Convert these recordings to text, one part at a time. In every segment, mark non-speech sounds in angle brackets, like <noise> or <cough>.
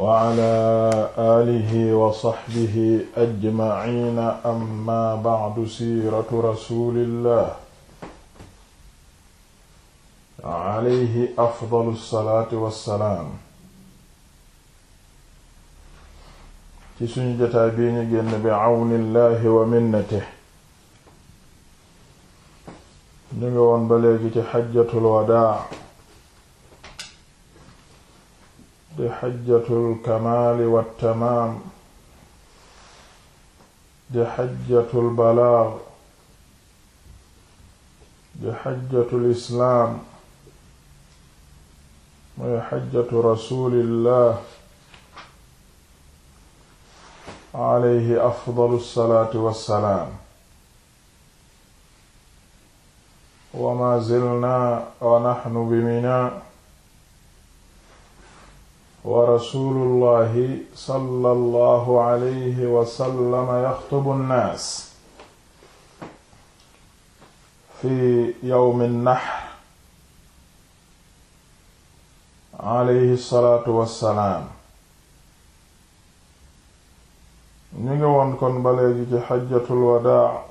wa ala alihi wa saxbihi ajmaciina amma bacdu siiratu rasulillah alayhi afdalu salaatu wa salaam ci suñu jotaay bii ñu génn bi cawnillahi wa minnatihi ñu ngi woon ba léegi ci xajjatul wadaa di xajjatul kamaali wattamaam di xajjatul balaag di xajjatul islaam muy xajjatu rasulillah alayhi afdalu salaatu wassalaam wa ma zilna wa naxnu bi mina wa rasuulullahi sallallahu alayhi wa sallam yaxtubu nnaas fi yawmi nnahr alayhi salaatu wassalaam ñu ngi woon kon ba léegi ci xajjatul wadaa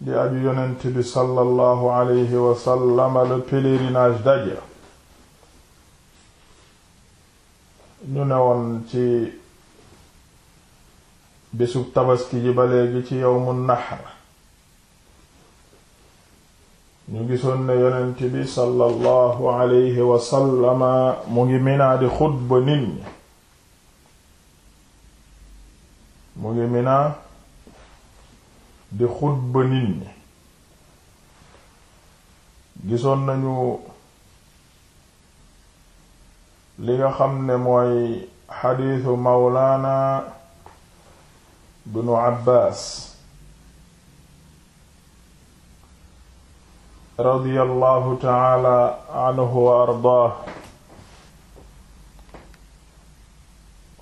di aju yonent bi sallallahu alayhi wa sallam le pèlerinage d'adieu ñu newoon ci bésub tabaski ji ba léegi ci yawmun nahr ñu gisoon ne yonent bi sallallahu alayhi wasallama mu ngi minaa di xutba nit ñi mu ngi minaa di xutba nit ñi gisoon nañu li nga xam ne mooy xadiisu mawlaana bnu abbaas radiyallahu taala anhu wa ardaah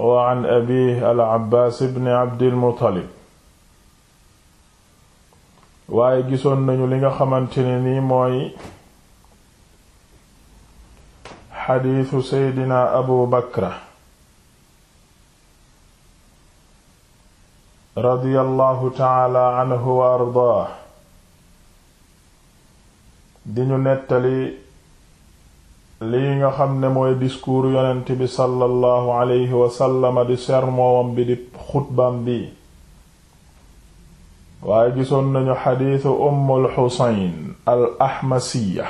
wa an abiih al abbaas bni abdilmuttalib waaye gisoon nañu li nga xamante ne nii mooy xadiisu seydina abu bakra radiyallahu taala anhu wa ardaah di ñu nettali lii nga xam ne mooy discours yonent bi sallallahu alayhi wasallama di sermoowam bi di xutbaam bi waaye gisoon nañu xadiisu ummul xusayn al ahmasiya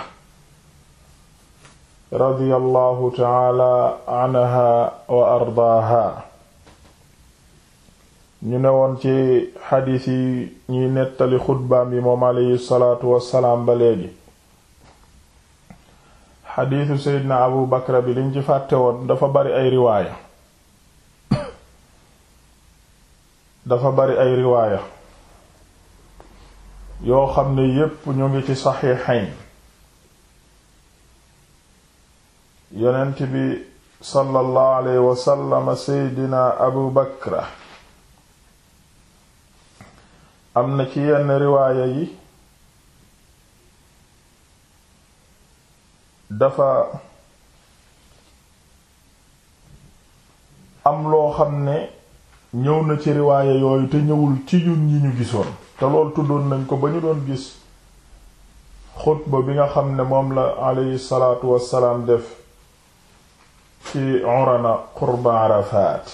radiyallahu taala wa ardaaha ñu ne woon ci xadiis yi ñuy nettali xutbaam yi moom aleyhi salaatu wassalaam ba léegi xadiisu seydina abu bakra bi liñ ci fàtte woon dafa bari ay riwaaya dafa bari ay riwaaya yoo xam ne yépp ñu ngi ci saxiixayn yonent bi sallallahu alayhi wasallam seydina abu bakra am na ci yenn riwaaya yi dafa am loo xam ne ñëw na ci riwaaya yooyu te ñëwul ci ñun yi ñu gisoon te lool tuddoon nañ ko ba ñu doon gis xutba bi nga xam ne moom la alayhi salaatu wassalaam def ci Urana qurba Arafat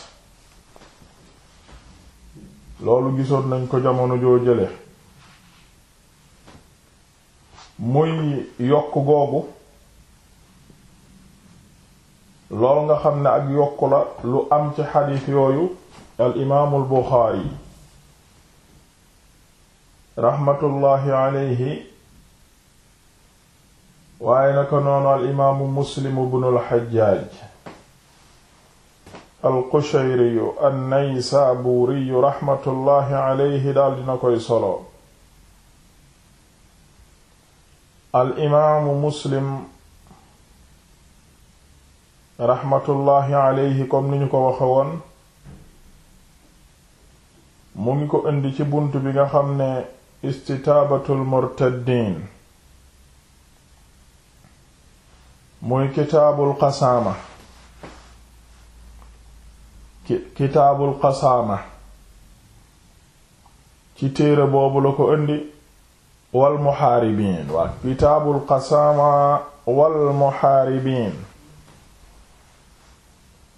loolu gisoon nañ ko jamono joo jële muy yokk googu loolu nga xam ne ak yokku la lu am ci xadiis yooyu al imaamul Buxaari raxmatullaahi aleyhi waaye naka noonu al imaamu Muslim ibnul Xajjaaj alqushayriyu annaysaabuuriyu raxmatullahi aleyhi daal dina koy solo al imaamu muslim raxmatullahi aleyhi comme ni ñu ko waxewoon mu ngi ko indi ci bunt bi nga xam ne istitaabatul murtaddiin muy kitaabul qasaama kitaabul qasaama ci téere boobu la ko indi wal muhaaribiin waa kitaabul qasaama wal muhaaribiin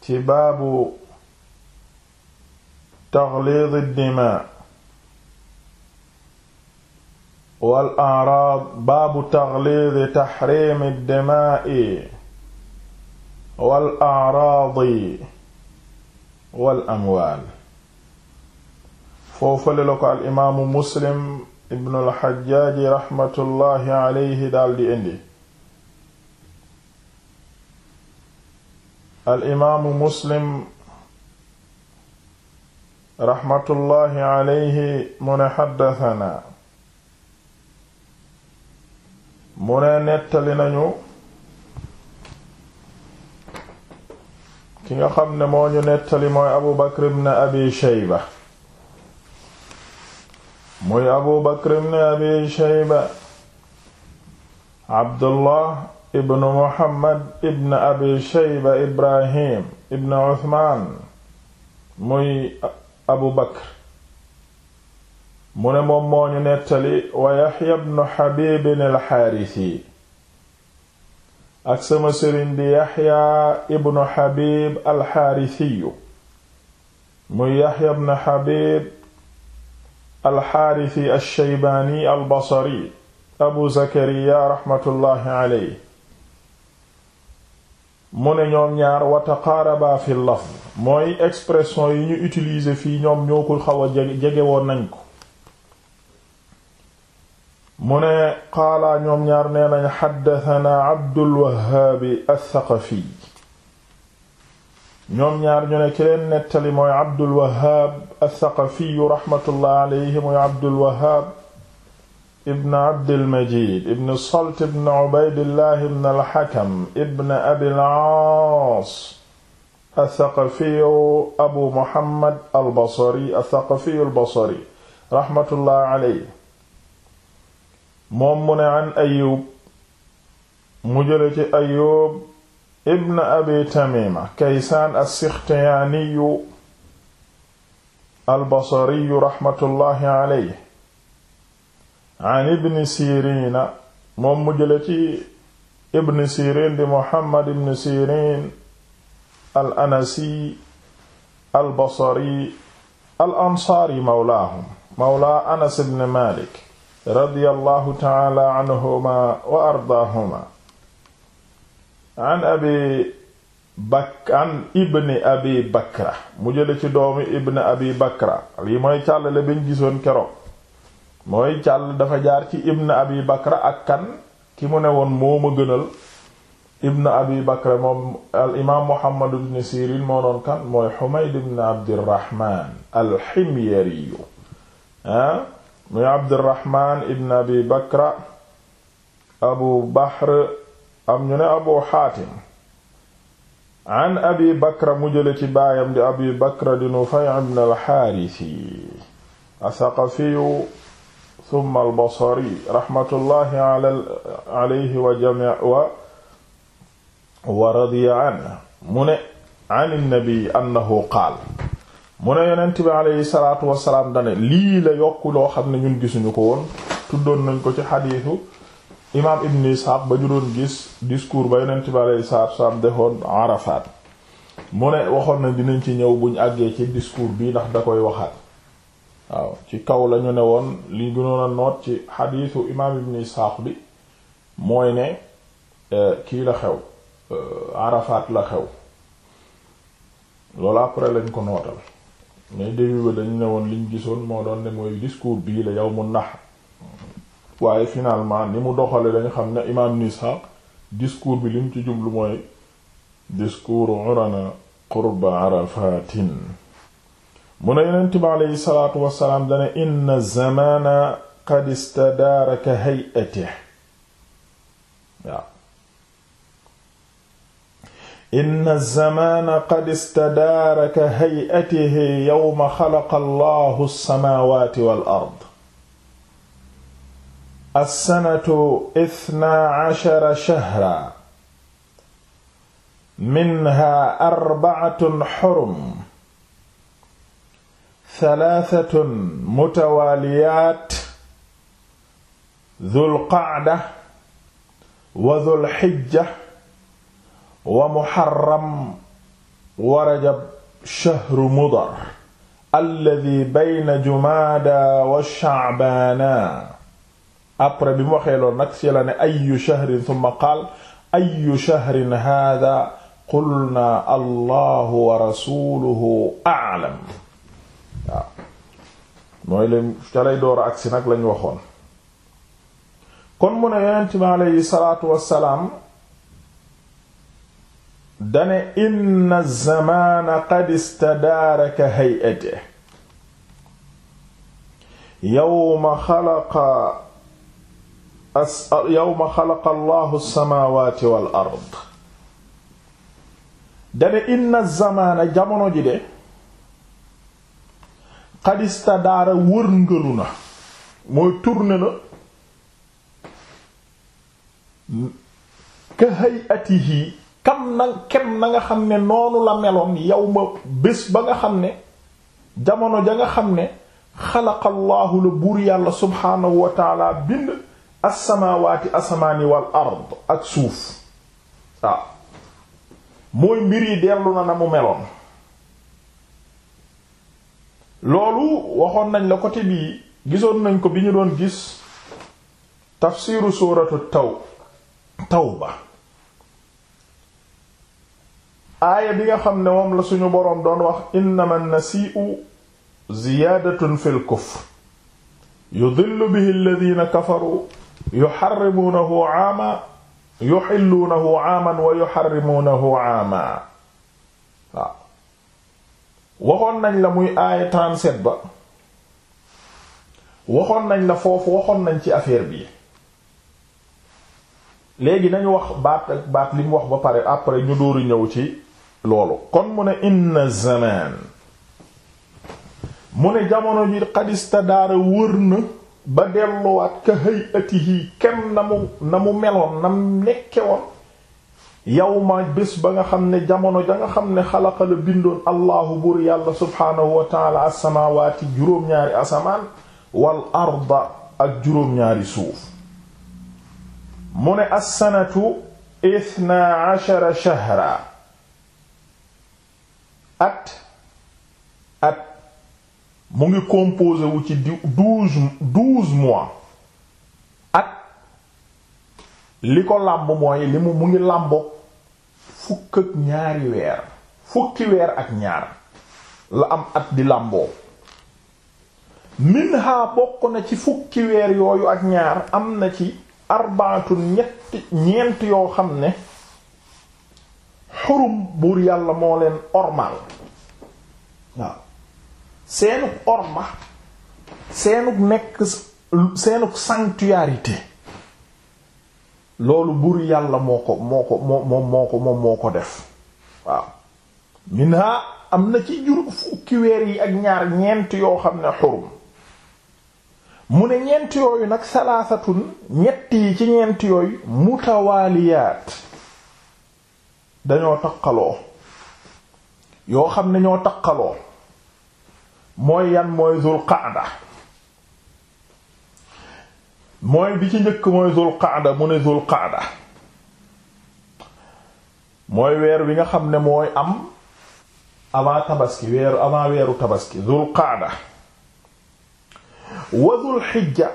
ci baabu taxliid ad-dimaa wal a'raad baabu taxliid taxriim ad-dimaa wal a'raad wal amwaal foofale la ko al imaamu muslim ibnu alxajaaji raxmatullaahi aleyhi daldi indi al imaamu muslim raxmatullaahi aleyhi mu ne xaddatanaa mu ne nettali nañu ki nga xam ne moo nettali mooy abu bakr ibn abi shayba muy abu bakr ibn abi abdullah ibn muhammad ibn abi shayba ibrahim ibn uthman muy abu bakr mu ne nettali wa yaxya ibn habib al ak sama sëriñ di yaxya ibnu xabib alxaarisiyu muy yaxya ibnu xabib alxaarisi alsheybaani albasari abu zakariya raxmatullaahi aley mu ne ñoom ñaar wa taqaaraba fi lafz mooy expression yi ñu utiliser fii ñoom ñoo ko xaw a jege jege woon nañ ko mu ne qaala ñoom ñaar nee nañ xaddatanaa abdulwahaabi althaqafiy ñoom ñaar ñu ne ki leen nettali mooy abdulwahaab althaqafiyu raxmatullah aleyhi mooy abdulwahaab ibn abdilmajid ibn salt ibn ubaidillah ibn alxakam ibn abil aas althaqafiyu abu mohammad albasri althaqafiyu albasri raxmatullah aleyhi moom mu ne an ayub mu jële ci ayub ibn abi tamima kaysaan as-sixtiyaaniyu albasariyu raxmatullaahi aleyhi an ibn siriina moom mu jële ci ibn sirin di mohammad ibn sirin al anasi albasari al ansaari mawlaahum mawlaa anas ibn malik radiyallahu ta'ala anhuma wa ardaahuma an abi bak an ibni abi bakra mu jële ci doomi ibni abi bakra lii mooy càll la bañ gisoon keroog mooy càll dafa jaar ci ibni abi bakra ak kan ki mu ne woon moo ma gënal ibni abi bakra moom al imaam muhammad ibn sirin moo doon kan mooy xumayd ibn abdirahman al ximyariyu ah? muy abdirahman ibn abi bakra abu bahr am ñu ne abu xaatim an abi bakra mu jële ci baayam di abi bakra di nufay ibn alxaarisi asaqafiyu summa albasari raxmatullahi alayhi wa jamii wa wa radiya anhu mu ne an innabi annahu qaal mu ne yonent bi aleyhi salaatu wasalaam dane lii la yokk loo xam ne ñun gisuñu ko woon tuddoon nañ ko ci xadiisu imaam ibn Isxaaq ba ñu doon gis discours ba yonent bi aleyhi salaatu wasalaam defoon Arafat mu ne waxoon nañ dinañ ci ñëw buñ àggee ci discours bi ndax da koy waxaat waaw ci kaw lañu ne woon li gënoon a noot ci xadiisu imaam ibn Isxaaq bi mooy ne eh, kii la xew eh, Arafat la xew loolu après lañ ko nootal mais début ba dañ ne woon liñ gisoon moo doon ne mooy discours bii la yow mu nax waaye finalement ni mu doxale dañ xam ne imaam nisa discours bi lim ci jublu mooy discours urana qurba arafatin mu ne yonent bi aleyhi salaatu wassalaam dana inna zamana qad istadaara ka hay'atihi waaw inna zamaana qad istadaara ka hay'atihi yawma xalaqa allahu samaawaati wal ard. assanatu ithnaa cashara shahran. minhaa arbacatun xurum. talaatatun mutawaaliyaat. dul qacda. wa dul xijja. wa muharram wa rajab shahru mudar alladi bayna jumaada wa sha'baana après bi mu waxee lool nag ci la ne ayu shahrin thumma qaal ayu shahrin haada qulna allahu wa rasuluhu a'lam waaw mooy leen calay door a agsi nag lañ waxoon kon mu ne yonent bi aleyhi salaatu wassalaam dane inna zamaana qad istadaaraka hay'ate yawma xalaqa yawma xalaqa allahu samaawaati wal ard dane inna zamaana jamono ji de qad istadaara wërngëlu na mooy tourné na ka hay'atihi kam na kem na nga xam ne noonu la meloon yow ma bés ba nga xam ne jamono ja nga xam ne xalaqa llaahu la buur yàlla subhaanahu wa taala bind assamaawaati asamaani wal ard ak suuf mooy mbir yi dellu na na mu meloon loolu waxoon nañ la côté bii gisoon nañ ko bi ñu doon gis tafsiru suuratu taw tawba aaya bi nga xam ne moom la suñu boroom doon wax innama nasii'u ziyaadatun fil kufr yudillu bihi alladhina kafaru yu 'aaman yuhillunahu 'aaman wa yuharrimunahu 'aaman waaw waxoon nañ la muy aaya 37 ba waxoon nañ la foofu waxoon nañ ci affaire bi léegi nañu wax baat ak wax ba pare après ñu dóori ñëw ci loolu kon mu ne inna zamaan mu ne jamono ji xadista daara wër na ba delluwaat ka hayatihi kem na na mu meloon na mu nekke woon yawma bés ba nga xam ne jamono ja nga xam ne xalaqa la bindoon allahu buur yàlla subhaanahu wa taala assamaawaati juróom-ñaari asamaan wal arda ak juróom-ñaari suuf mu ne assanatu ithna ashara shahra at at mu ngi composé ci douze douze mois at li ko làmb mooy li mu mu ngi làmbo fukk ak ñaari weer fukki weer ak ñaar la am at di làmboo minha bokk na ci fukki weer yooyu ak ñaar am na ci arbaatun ñetti ñeent yoo xam ne xurum buur yàlla moo leen ormal waaw seenug orma seenug nekk seenug sanctuarité loolu buur yàlla moo ko moo ko moo ko moom moo ko def waaw minha am na ci juru fukki weer yi ak ñaar ñeent yoo xam ne xurum mu ne ñeent yooyu nag salaasatun ñetti yi ci ñeent yooyu mutawaaliyaat dañoo taqaloo yoo xam ne ñoo taqaloo mooy yan mooy zul qaada mooy bi ci njëkk mooy zul qaada mu ne zul qaada mooy weer wi nga xam ne mooy am avant tabaski weeru avant weeru tabaski zul qaada wa zul xijja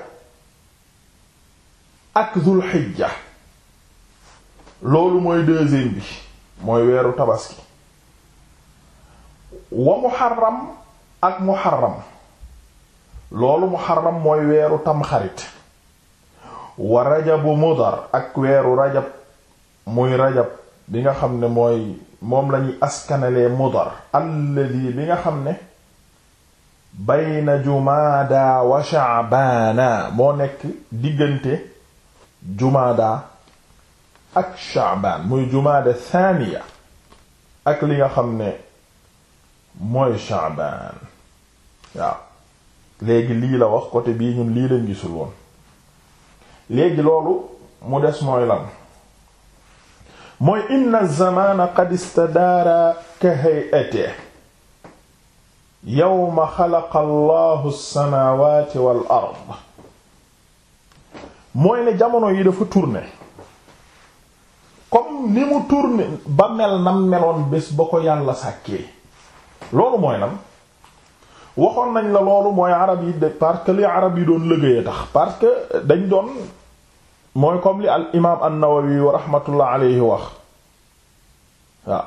ak zul xijja loolu mooy deuxième bi mooy weeru tabaski wa muharram ak muharram loolu muharram mooy weeru tamxarit wa rajabu mudar ak weeru rajab muy rajab bi nga xam ne mooy moom lañuy askanalee mudar alladi bi nga xam ne bayna jumaada wa sha'baana moo nekk diggante jumaada ak Sha'ban muy jumaada thaniya ak li nga xam ne mooy Sha'ban waaw léegi lii la wax côté bii ñun lii lañ gisul woon léegi loolu mu des mooy lan mooy inna zamaana qad istadaara ka hay'atihi yawma xalaqa allahu as-samaawaati ard mooy ne jamono yi dafa tourner comme ni mu tourné ba mel nam meloon bés ba ko yàlla sàkkee loolu mooy lan waxoon nañ la loolu mooy arab yi de parce que li arab yi doon liggéeyee tax parce que dañ doon mooy comme li al imaam an-Nawawi wa alayhi wax waaw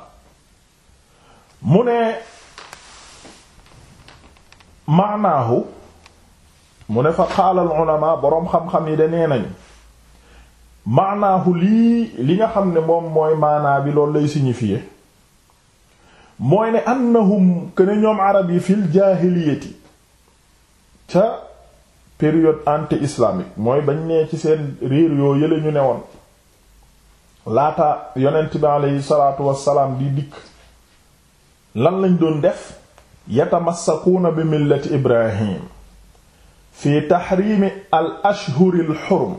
mu ne maanaahu mu ne fa qaala al ulama boroom xam-xam yi de nee nañu maanaahu lii li nga xam ne moom mooy maanaa bi loolu lay signifier mooy ne annahum këne ñoom arab yi fil jaahiliyati ca période anti-islamique mooy bañ nee ci seen réer yoo yële ñu ne woon laata yonent bi aleyhi salaatu wassalaam di dikk lan lañ doon def yatamassakuuna bi millati ibrahim fi taxriimi al ashhuril xurum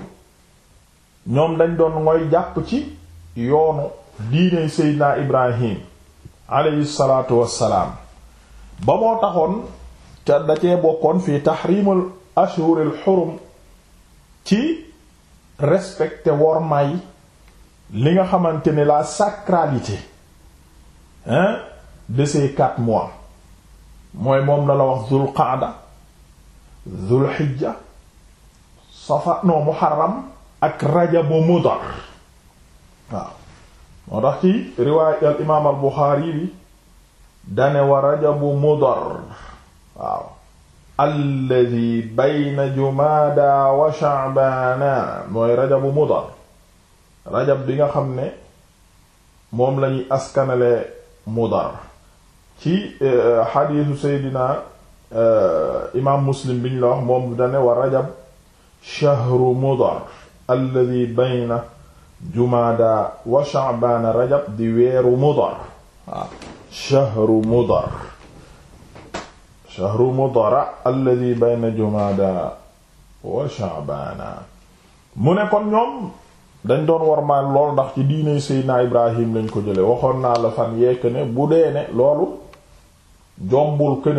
ñoom dañ doon ngoy jàpp ci yoonu diine seydinaa ibrahim aleyhi salaatu wassalaam ba moo taxoon ca da cee bokkoon fii tahrimul ashhuril xurum ci respecté wormaay li nga xamante ni la sacralité hein de ces quatre mooy moom la la wax zul qaada zul xijja safa muharram ak rajabu mudar waaw moo tax ci riwaay al imaam al buxaari bi dane wa rajabu mudar waaw alladi bayna jumaada wa sha'baana mooy mudar rajab bi nga xam ne moom lañuy askanale mudar ci e, xadiisu seydina e, imaam muslim biñ la moom dane wa rajab shahru mudar alladi bayna jumaada wa sha'baana rajab di weeru mudar waaw shahru mudar shahru mudara alladi bayna jumaada wa sha'baana mu ne kon ñoom dañ doon war maan lool ndax ci diine Seydina Ibrahim lañ ko jële waxoon naa la fan yekk ne bu dee ne loolu jombul que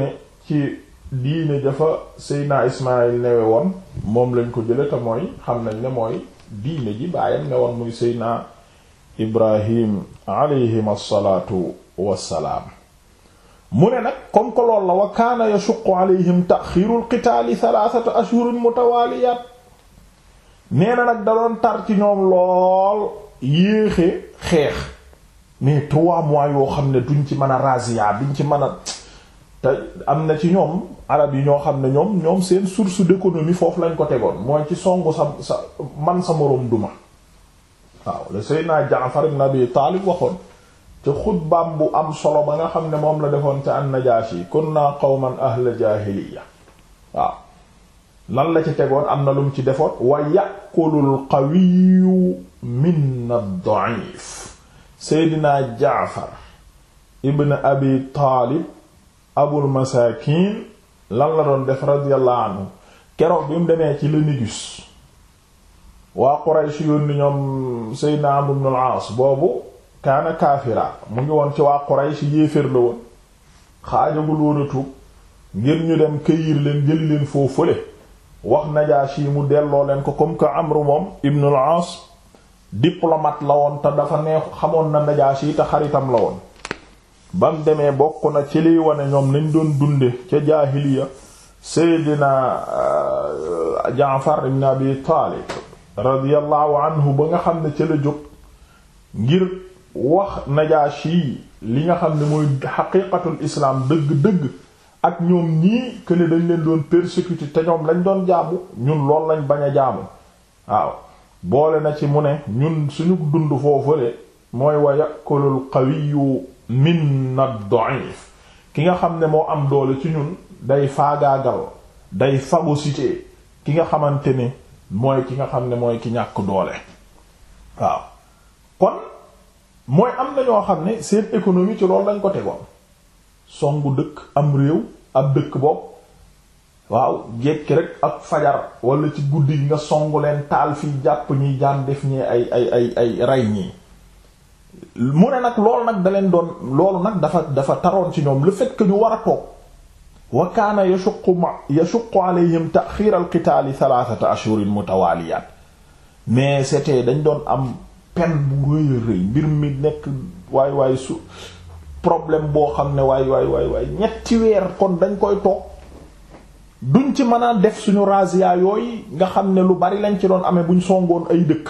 ci diine dafa Seydina Ismaïl newe woon moom lañ ko jële te mooy xam nañ ne mooy diine ji baayam ne woon muy Seydina Ibrahim alayhim asalaatu wassalaam mu ne nag comme que lool la wa kaana yashuqu alayhim taxiiru lqitaali thalathata ashhurin mutawaliyaat nee na nag da doon tar ci ñoom lool yéexe xeex mais trois mois yoo xam ne duñ ci mën a razia biñ ci mën a te am na ci ñoom arab yi ñoo xam ne ñoom ñoom seen source d'économie foofu lañ ko tegoon mooy ci songu sa sa man sa moroom duma waaw le Seydina Jaafar te xutbaam bu am solo ba nga xam ne moom la defoon te an-Najaashi kunna qawman ahla jaahiliya waaw la ci tegoon am na lum ci defoon wa ya'kulul qawiyyu min ad-da'if Seydina Jaafar ibn Abi Taalib abul masakin lan la doon def radiyallahu anhu keroog bi mu demee ci Lénégus waa Quraysh yónni ñoom Seydina Amr ibn al boobu kaana kaafira mu ngi woon ci waa Quraysh yéeféer la woon xaajagul woon a tuub ngir ñu dem këyir leen jël leen foofu fële wax yi mu delloo leen ko comme que Amr moom ibn al-As diplomate la woon te dafa neex xamoon na Najaashi te xaritam la woon bam demee bokk na ci liy wane ñoom nañ doon dunde ca jaahiliya seydina euh, jaafar ibn abi taalib radiyallahu anhu ba nga xam ne ca la jóg ngir wax najaashi li nga xam ne mooy xaqiiqatul islaam dëgg-dëgg ak ñoom ñii que dañ leen doon persécuter te ñoom lañ doon jaamu ñun lool lañ bañ a jaamu waaw boole na ci mu ne ñun suñu dund foofale mooy wa yakulul qawiyu min na doif ki nga xam ne moo am doole ci ñun day faagaagal day phagocyté ki nga xamante ne mooy ki nga xam ne mooy ki ñàkk doole waaw kon mooy am na ñoo xam ne seen économie ci loolu lañ ko tegoon songu dëkk am réew ab dëkk bopp waaw jekki rek ak fajar wala ci guddi gi nga songu leen taal fii jàpp ñiy jaan def ñi ay ay ay ay rey ñii mu ne nag loolu nag da doon loolu nag dafa dafa taroon ci ñoom le fait que ñu war a toog wa kaana yashuqu ma yashuqu alayhim taxiir alqitaali thalathata ashhurin mutawaliyaat mais c'était dañ doon am peine bu rëy a rëy mbir mi nekk waay waay su problème boo xam ne waay waay waay waay ñetti weer kon dañ koy toog duñ ci mën def suñu razzia yooyu nga xam ne lu bari lañ ci doon amee buñ songoon ay dëkk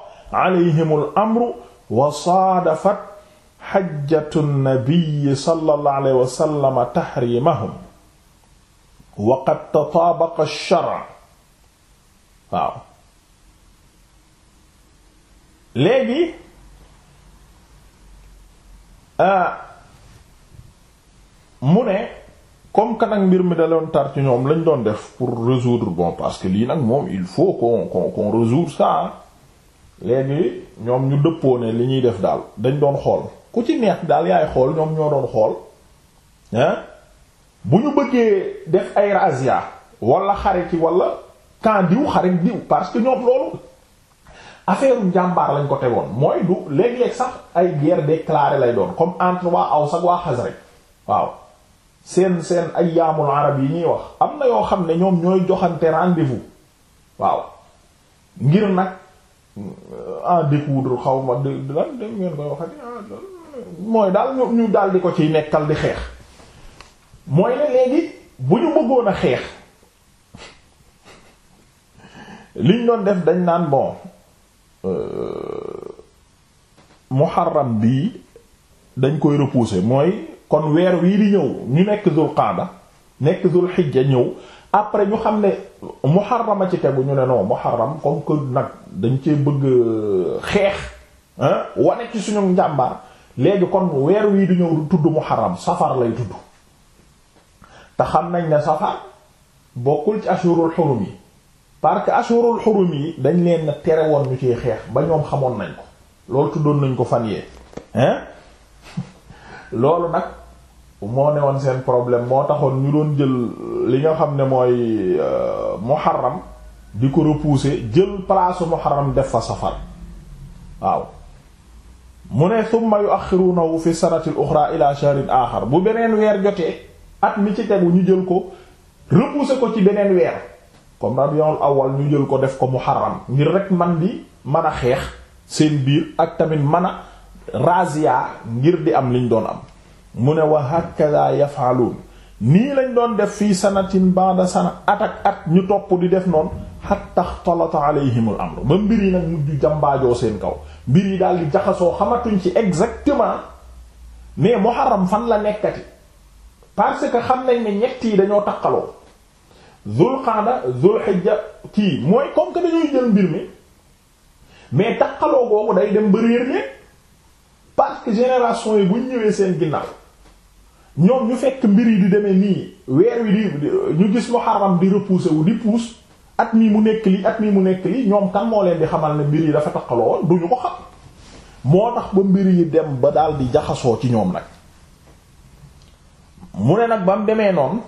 alayhimul amru wa saadafat xajjatu nabiyyi sallallahu alayhi wa sallam tahrimahum wa qad tataabaqa ash-shar' waaw léegi mu ne comme que nag mbir mi daloon tar ci ñoom lañ doon def pour résoudre bon parce que lii nag moom il faut qu'on qu'on qu'on résoudre ça léegi ñoom ñu dëppoo ne li ñuy def daal dañ doon xool ku ci neex daal yaay xool ñoom ñoo doon xool hein bu ñu bëggee def ay razzia walla xariti wala camp diw xarit diw parce que ñoom loolu affaire njàmbaar lañ ko tegoon mooy du léeg-léeg sax ay de déclarée lay doon comme entre waa aw ak waa Xasraj waaw seen seen ay yaamul arab yi ñuy wax am na yoo xam ne ñoom ñooy joxante rendez-vous waaw ngir nag en ah, découdre xaw ma de lan ah, de mooy daal ñu daal di ko ciy nekkal di xeex mooy ne léegi bu ñu bëggoon a xeex liñ doon def dañ naan bon euh, muharram bii dañ koy repousser mooy kon weer wii di ñëw ñu nekk zul qaada nekk zul xijja ñëw après ñu xam ne muharram a ci tegu ñu ne non muharram comme que nag dañ cee bëgg euh, xeex wane ci suñu njàmbaar léegi kon weer wii di ñëw tudd muharram safar lay tudd te xam nañ ne safar bokkul ci ashurul xurum yi parce que ashurul xurum yi dañ leen tere woon ñu ciy xeex ba ñoom xamoon nañ ko loolu tuddoon nañ ko fan yee <laughs> loolu nag moo ne woon seen problème moo taxoon ñu doon jël li nga xam ne mooy euh, muharram di ko repousser jël palaasu muharram def fa safar waaw mu ne thumma yu'akhkhirunahu fi sanatil ukhra ila shahrin akhar bu beneen weer jotee at mi ci tegu ñu jël ko repousser ko ci beneen weer comme rabiul awal ñu jël ko def ko muharram ngir rek man di mën a xeex seen biir ak tamit mën a razia ngir di am liñ doon am mu ne wa hakaza yaf'alun nii lañ doon def fii sanatin ba'da sana at ak at ñu topp di def noonu hatta xtalata alayhim al amr ba mbir yi nag mujj jàmbaajoo seen kaw mbir yi daal di jaxasoo xamatuñ ci exactement mais muharram fan la nekkati parce que xam nañ ne ñett yi dañoo taqaloo zul qaada zul xijja kii mooy comme que jël mbir mi mais taqaloo googu day dem ba réer ne parce que génération yi buñ ñëwee seen ginnaaw ñoom ñu fekk mbir yi di demee nii weer wi di ñu gis muharram di repousser wu di pousse at mii mu nekk li at mii mu nekk li ñoom kan moo leen di xamal ne mbir yi dafa taqaloo woon du ñu ko xam moo tax ba mbir yi dem ba daal di jaxasoo ci ñoom nag mu ne nag ba mu demee noonu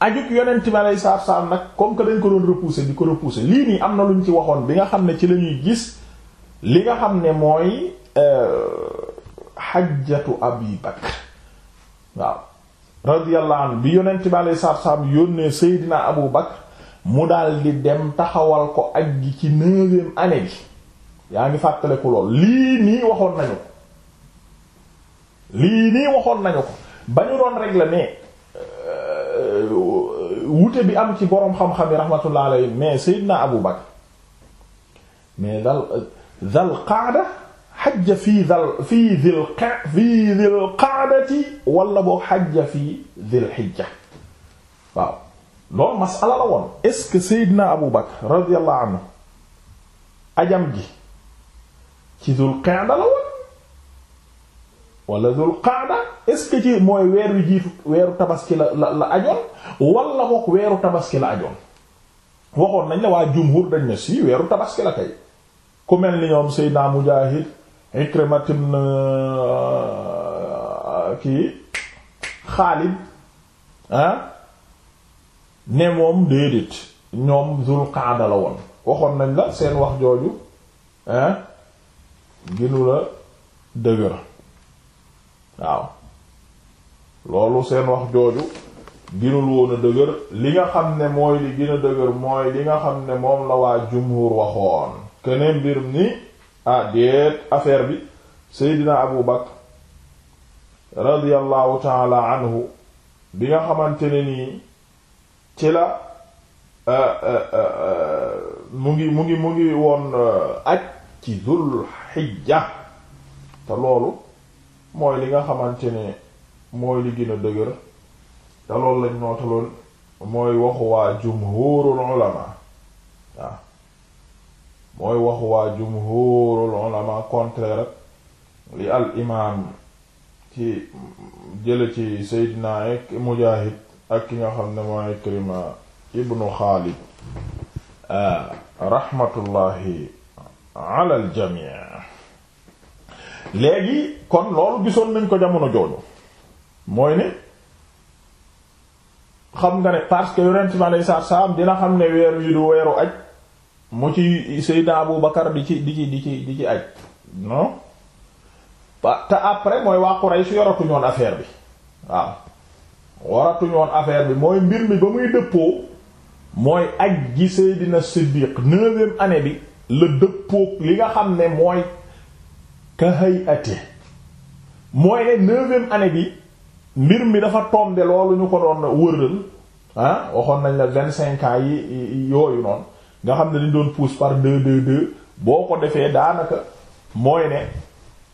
ajut yonent mi aleyhi salaatu salaam nag comme que dañ ko doon repousser di ko repousser lii nii am na lu ñu ci waxoon bi nga xam ne ci la ñuy gis li nga xam ne mooy xajjatu euh, abi bakr waaw radiyallahu anhu bi yonent mi aleyhi salaatu salaam yónnee seydina abu bakr mu daal di dem taxawal ko ak gi ci neuvième année bi yaa ngi fàttaleku lool lii nii waxoon nañu ko lii nii waxoon nañu ko ba ñu doon régler ne euh, wute bi am ci boroom xam-xam yi rahmatullah alayhi mais Seydina Abu Bakr mais dal dal qaada xajja fii dal fii dil fii qaadati wala boo xajja fii dil xijja waaw loolu masala la woon est-ce que Seydina Abu Bakr anhu ajam gi ci dul qaada la woon wala dul qaada est ci mooy weer wi jiitu weeru tabaski la la la ajoon wala tabaski la ajoon waxoon nañ la waa jumhur dañ ne si weeru tabaski la kay ku mel ni ñoom Seydina Mujaahid Ikrimat ibn uh, Xaalid ah, ne moom déedéet ñoom zul qaada la woon waxoon nañ la seen wax jooju hein ginu la dëgër waaw loolu seen wax jooju ginul woon a dëgër li nga xam ne mooy li gën dëgër mooy li nga xam ne moom la waa jumhur waxoon keneen mbir ni ah déet affaire bi seydina abu bakr radiyallahu taala anhu bi nga xamante nii ci la euh, euh, euh, mu ngi mu ngi mu ngi woon aj ci dul xijja te loolu mooy li nga xamante ne mooy li gën a dëgër te loolu lañ nootaloon mooy waxu waa jumhurul ulama waaw mooy waxu waa jumhurul ulama contraire li al imaam ci jële ci Seydina ek Mujaahid ak ki nga xam ne mooy Ikrima ibnu Xaalid ah, rahmatullahi ala jamii léegi kon loolu gisoon nañ ko jamono jooju mooy ne xam nga ne parce que yonent bi aleyhi salaatu salaam dina xam ne weer wi du weeru aj mu ci Seydina Abu Bakar di ci di ci di ci di ci aj non te après mooy waa Quraysh yoratu ñoon affaire bi waaw waratuñu woon affaire bi mooy mbir mi ba muy dëppoo mooy ak gisee dina Siddiq neuvième année bi la dëppoo li nga xam ne mooy kahay ate mooy ne neuvième année bi mbir mi dafa tombe loolu ñu ko doon wëral ah waxoon nañ la vingt cinq ans yi yooyu noonu nga xam ne dañ doon pousse par deux deux deux boo ko defee daanaka mooy ne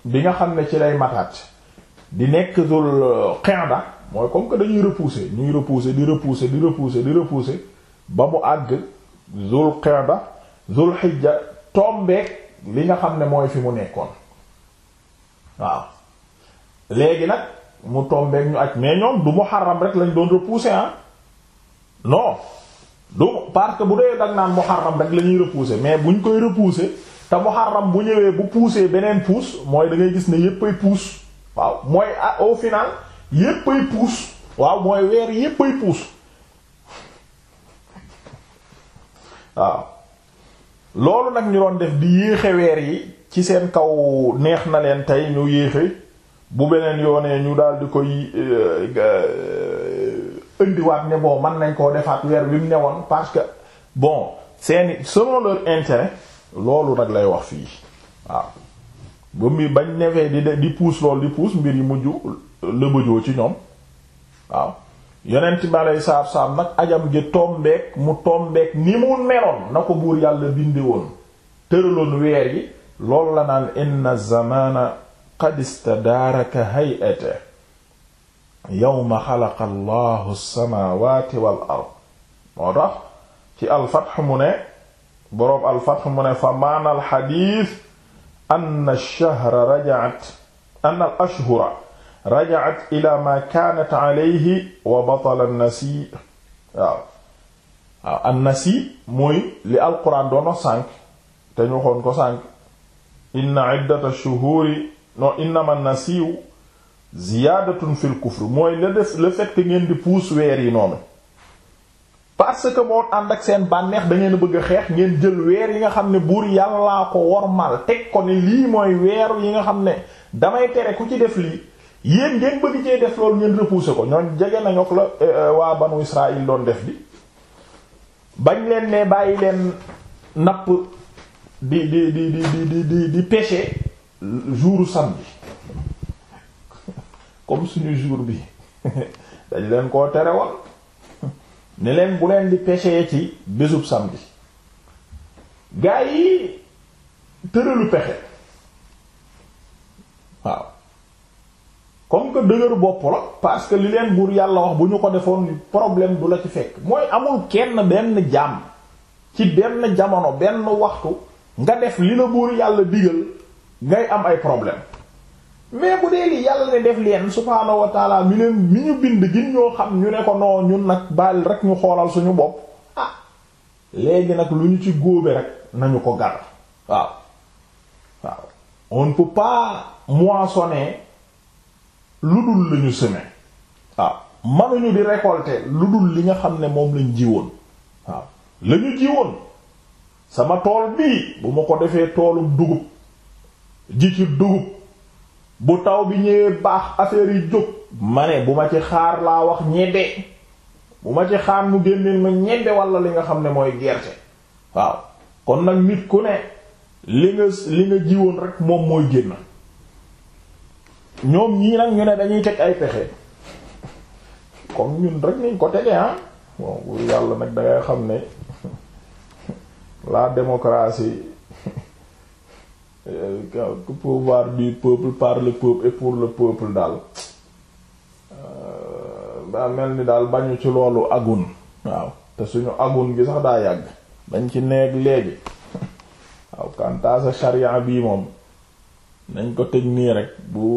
bi nga xam ne ci lay mataat di nekk dul qinda mooy comme que dañuy repousser ñuy repousser di repousser di repousser di repousser ba mu àgg zul qa'da zul hijja tombeek li nga xam ne mooy fi mu nekkoon waaw léegi nag mu tombeek ñu aj mais ñoom du muharram rek lañ doon repousser ah non du parce que bu dee dag naan muharram rek la ñuy repousser mais buñ koy repousser te muharram bu ñëwee bu pousser beneen pousse mooy da ngay gis ne yépp ay pousse waaw mooy ah, au final yépp ay puus waaw mooy weer yépp ay puus waaw loolu nag ñu doon def di yéexe weer yi ci seen kaw neex na leen tey ñu yéexe bu beneen yoonee ñu daal di koy euh, indiwaat ne bon mën nañ koo defaat weer bi mu newoon parce que bon seeni selon leur loolu nag lay wax fii waaw ba mu bañ nefee di de di puus loolu di puus mbir yi mujj lëbëjoo ci ñoom waaw yonent bi aleyhi salaatu nag ajam gi tombeek mu tombeek ni mu meloon na ko buur yàlla bindi woon tëraloon weer yi loolu la naan inna zamana qad istadaraka hay'ata yawma xalaqa allahu as-samawati wal ard moo tax ci alfatx mu ne boroom alfatx mu ne fa maana alxadiis anna ash al-ashhura rajaat ila ma kaanat alayhi wa batala an-nasi waaw waaw an-nasi mooy li alquran doon wax sànq te ñu waxoon ko sànq inna iddata shuhuri non innama an-nasiu ziyaadatun fil kufr mooy le def le fait ngeen di puus weer yi noonu parce que moo ànd ak seen bànneex dangeen bëgg a xeex ngeen jël weer yi nga xam ne buur yàllaa ko wormal teg ko ne lii mooy weer yi nga xam ne damay tere ku ci def lii yéen ngeen bëgg cee def loolu ngeen repousser ko ñoon jege nañu la eh, eh, waa banu Israël doon def bi bañ leen ne bàyyi leen napp di di di di di di di pêcher jour samedi <laughs> comme suñu jour bi <laughs> dañ leen koo terewal <laughs> ne leen bu leen di pêcher ci bésub samedi gaa yi tëralu pexe waaw comme que dëgër bopp la parce que li leen buur yàlla wax bu ñu ko defoon problème du la ci fekk mooy amul kenn benn jàmm ci benn jamono benn waxtu nga def li la buur yàlla digal ngay am ay problème mais bu dee li yàlla ne def leen subhaanahu wa taala mi leen mi ñu bind gin ñoo xam ñu ne ko noo ñun nag baal rek ñu xoolal suñu bopp ah léegi nag lu ñu ci góobe rek nañu ko gar waaw waaw on peut pas moissonner lu dul lu ñu waaw manuñu di récolter lu dul li nga xam ne moom lañ jiwoon waaw lañu ñu jiwoon sama tool bii bu ma ko defee toolu dugub ji ci dugub bu taw bi ñëwee baax affaire yi jóg ma ne bu ma ci xaar laa wax ñebbe bu ma ci xaar mu génneel ma ñebbe walla li nga xam ne mooy gerte waaw kon nag nit ku ne li nga li nga jiwoon rek moom mooy génn ñoom ñii nag ñu ne dañuy teg ay pexe comme ñun rek niñ ko tege ah bon bu yàlla nag dangay xam ne <laughs> la démocratie <laughs> pouvoir du peuple par le peuple et pour le peuple daal euh, daa mel ni daal bañu ci loolu agun waaw te suñu agun gi sax daa yàgg dañ ci neeg léegi <laughs> waaw kantaa sa charia bii moom nañ ko teg nii rek bu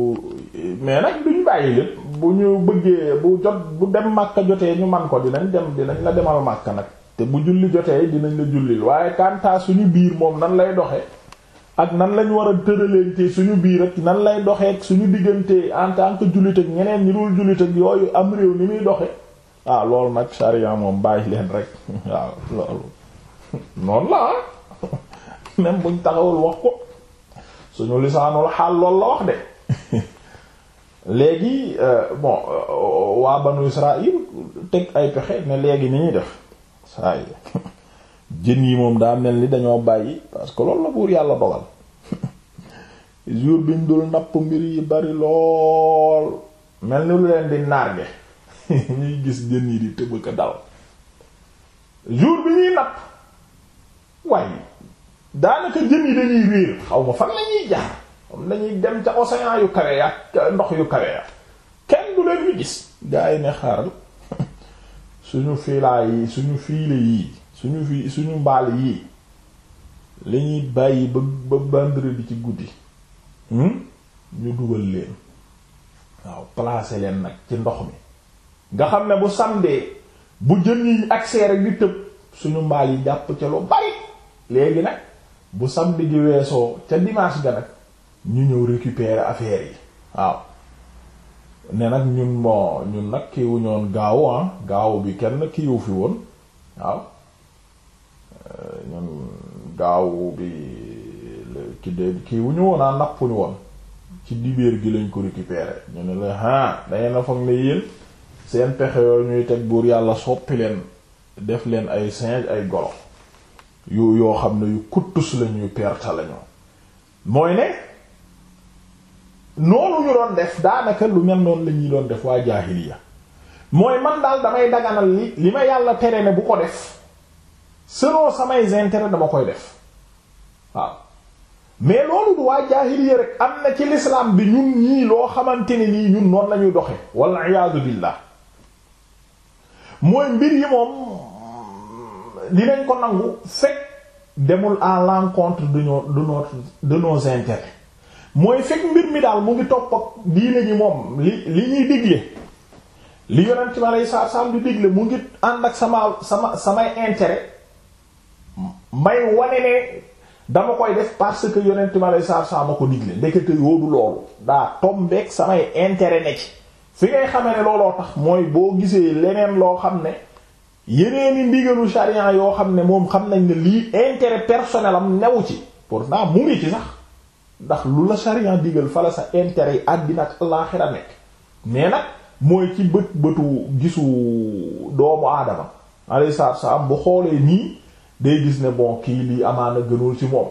mais nag duñ bàyyi lépp bu ñu bëggee bu jot bu dem Makka jotee ñu man ko dinañ dem dinañ la demal Makka nag te bu julli jotee dinañ la jullil waaye kantaa suñu biir moom nan lay doxee ak nan lañ war a tëralante suñu biir ak nan lay doxee suñu diggante en tant que jullit ak ñeneen ñi dul jullit yooyu am réew ni muy doxe ah loolu nag sharia moom bàyyi leen rek <laughs> waaw loolu <laughs> noonu la ah <laughs> buñ taxawul wax ko. suñu lisaanul xaal lool la wax de léegi euh, bon euh, waa banu teg ay pexe ne léegi ni ñuy def saa yi <laughs> jën yi moom daa mel ni dañoo bàyyi parce que loolu la buur yàlla dogal <laughs> jour biñ dul napp mbir yi bari lool mel ni lu leen di narge <laughs> ñuy gis jën yi di tëb ko dal jour bi ñuy napp waaye daanaka jën yi dañuy réer xaw ma fan lañuy jaar am lañuy dem ca océan yu kawe ya ndox yu kawe ya kenn du leen yu gis gaa yi ne xaaral <laughs> suñu fiilaa yi suñu fiile yi suñu fi suñu mbaal yi li ñuy bàyyi ba ba vendredi ci guddi hmm? ñu dugal leen waaw placer leen nag ci ndox mi nga xam ne bu samdee bu jën yi ak seere yu tëb suñu mbaal yi jàpp ca lu bari léegi nag bu samedi gi weesoo ca dimanche ga nag ñu ñëw récupérer affaire yi waaw ne nag ñun bon ñun nag kiiwu ñoon gaawu ah gaawu bi kenn kiiwu fi woon waaw euh, ñun gaawu bi ki de kiiwuñu ah, nappuñu woon ci dibeer gi lañ ko récupérer ñu ne la ah dangeen na foog ne yéen seen pexe yooyu ñuy teg buur yàlla soppi leen def leen ay singe ay golo yu yoo xam ne yu kuttus lañuy perte lañu mooy ne noonu ñu doon def daanaka lu mel noonu la ñuy doon def waa jaahiliya mooy man daal damay daganal li li ma yàlla tere bu ko def selon samay intérêt dama koy def waaw mais loolu du am na ci l'islam bi ñun ñii loo xamante ne nii ñun la ñuy doxe wal iyaadu billah mooy mbir yi moom dinañ ko nangu fekk demul à l'encontre de nos de nos de nos intérêts mooy fekk mbir mi daal mu ngi topp ak moom li li ñuy digle li yonent ma lay sa sam di digle mu ngi ànd ak sama sama samay intérêt may wane ne dama koy def parce que yonent ma lay sa sam ma ko digle ndekete yoodu loolu daa tombeek samay intérêt ne ci fi ngay xamee ne looloo tax mooy boo gisee leneen loo xam ne yeneeni ndigalu sharia yoo xam ne moom xam nañ ne lii intérêt personnel am newu ci pourtant mu ngi ci sax ndax lu la sharia digal fa la sa intérêt yi àddina ak laaxira nekk mais nag mooy ci bët bëtu gisu doomu aadama alayhi salaatu wassalaam bu xoolee nii day gis ne bon kii lii amaana gënul ci moom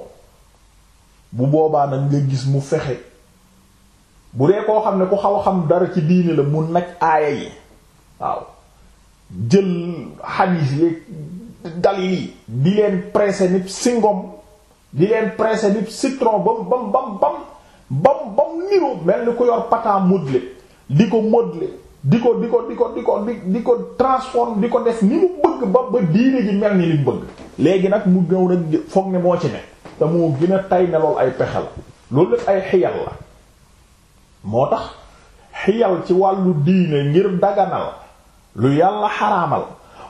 bu boobaa nag nga gis mu fexe bu dee koo xam ne ku xaw xam dara ci diini la mu nag aaya yi waaw jël xadiis yi dalil di leen pressé nit singom di leen pressé nit mu bam bam bam bam bam bam niro mel ni ku yor pataa modle di ko modle di ko di ko di ko di ko di di ko transforme di ko def ni mu bëgg ba ba diine ji mel ni li bëgg léegi nag mu ñëw nag foog ne moo ci ne te moo gën a tay ne ay pexe la loolu lépp ay xiyal la moo tax xiyal ci wàllu diine ngir daganal lu yàlla xaraamal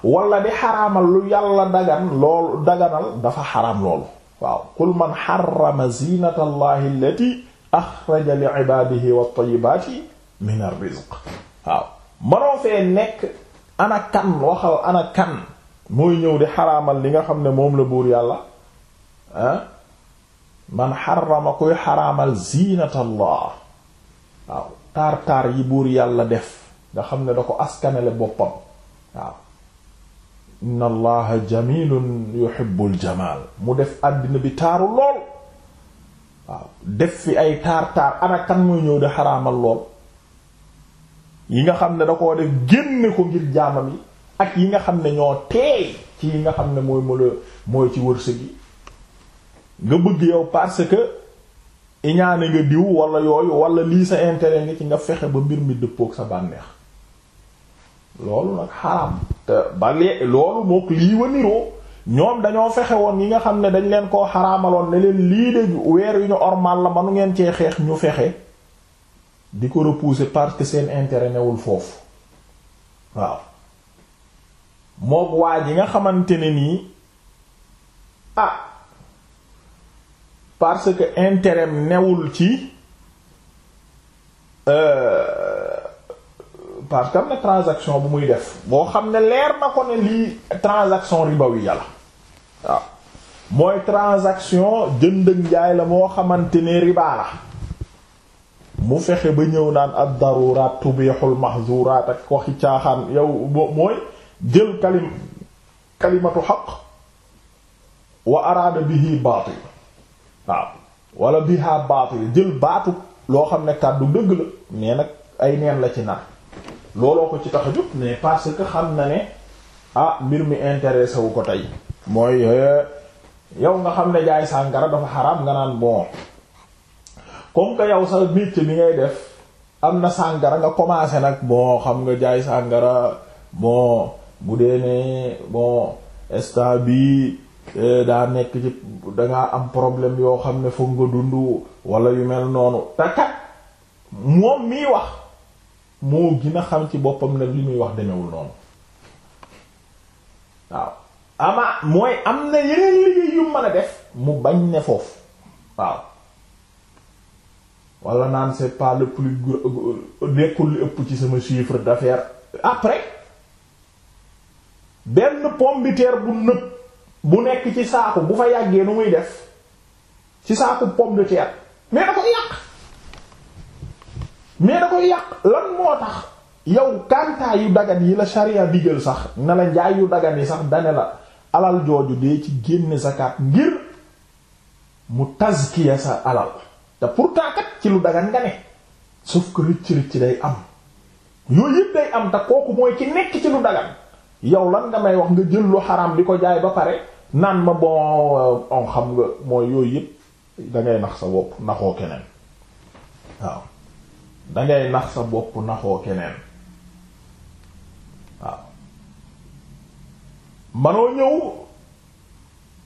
wala di xaraamal lu yàlla dagan loolu daganal dafa xaraam loolu waaw qul man xarama zinata allahi allati axraja li ibadihi wat tayyibati min ar rizq fee nekk ana kan waxal ana kan mooy ñëw di xaraamal li nga xam ne moom la buur yàlla ah man xarama kuy xaraamal zinata allah taar taar yi buur yàlla def nga xam ne da ko askanele boppam waaw inna allaha jamilun yuhibbul jamal mu def àddina bi taaru lool waaw def fi ay taar taar ana kan ñëw di xaraamal lool yi nga xam ne da koo def génne ko ngir jaamam yi ak yi nga xam ne ñoo teey ci yi nga xam ne mooy mala mooy ci wërsëg yi nga bëgg yow parce que iñaane nga diw wala yooyu wala lii sa intérêt nga ci nga fexe ba mbir mi dëppook sa bànneex loolu nag xaraam te ba lee loolu mook lii wa niroo ñoom dañoo fexe woon yi nga xam ne dañ leen koo xaraamaloon ne leen lii de weer yu ñu ormal la manu ngeen cee xeex ñu fexe di ko repousser parce que seen intérêt newul foofu waaw mook waa ji nga xamante ne nii ah parce que intérêt newul ci euh parce que am na transaction bu muy def boo xam ne leer na ko ne lii transaction ribawiya la waaw mooy transaction jënd ak jaay la moo xamante ne ribaa la mu fexe ba ñëw naan ab daruraat tubihul mahzuraat ak waxi caaxaan yow mooy jël kalimatu xaq wa araada bihi baatil waaw wala biha baatil jël baatu loo xam ne kàddu dëgg la mais nag ay neen la ci nar looloo ko ci tax a jóg mais parce que xam na ne ah mbir mi intéressé wu ko tey mooy eh, yow nga xam ne jaay sàngara dafa xaraam nga naan bon comme que yow sa métier mi ngay def am na sàngara nga commencé nag bon xam nga jaay sàngara bon bu dee ne bon instant bi eh, daa nekk ci dangaa am problème yoo xam ne foog nga dund wala yu mel noonu te kat moom mii wax moo gën a xam ci boppam nag li muy wax demewul noonu waaw ama mooy am na yeneen liggéey yu mën a def mu bañ ne foofu waaw wala naan c'est pas le plus nekkul li ëpp ci sama chiffre d'affaires après benn pomme de terre bu nëb bu nekk ci saaku bu fa yàggee nu muy def ci saaku pomme de terre mais da ko mais da koy yàq lan moo tax yow kantaa yu dagan yi la sharia jël sax na la njaay yu dagan yi sax dane la alal jooju dee ci génne zakat ngir mu tazkiya sa alal te pourtant kat ci lu dagan nga ne sauf que rëcc rëcc day am yooyu yëpp day am te kooku mooy ki nekk ci lu dagan yow lan nga may wax nga jël lu xaram di ko jaay ba pare naan ma bon euh, on xam nga mooy yooyu yëpp dangay nax sa bopp naxoo keneen waaw dangay nax sa bopp naxoo keneen waaw manoo ñëw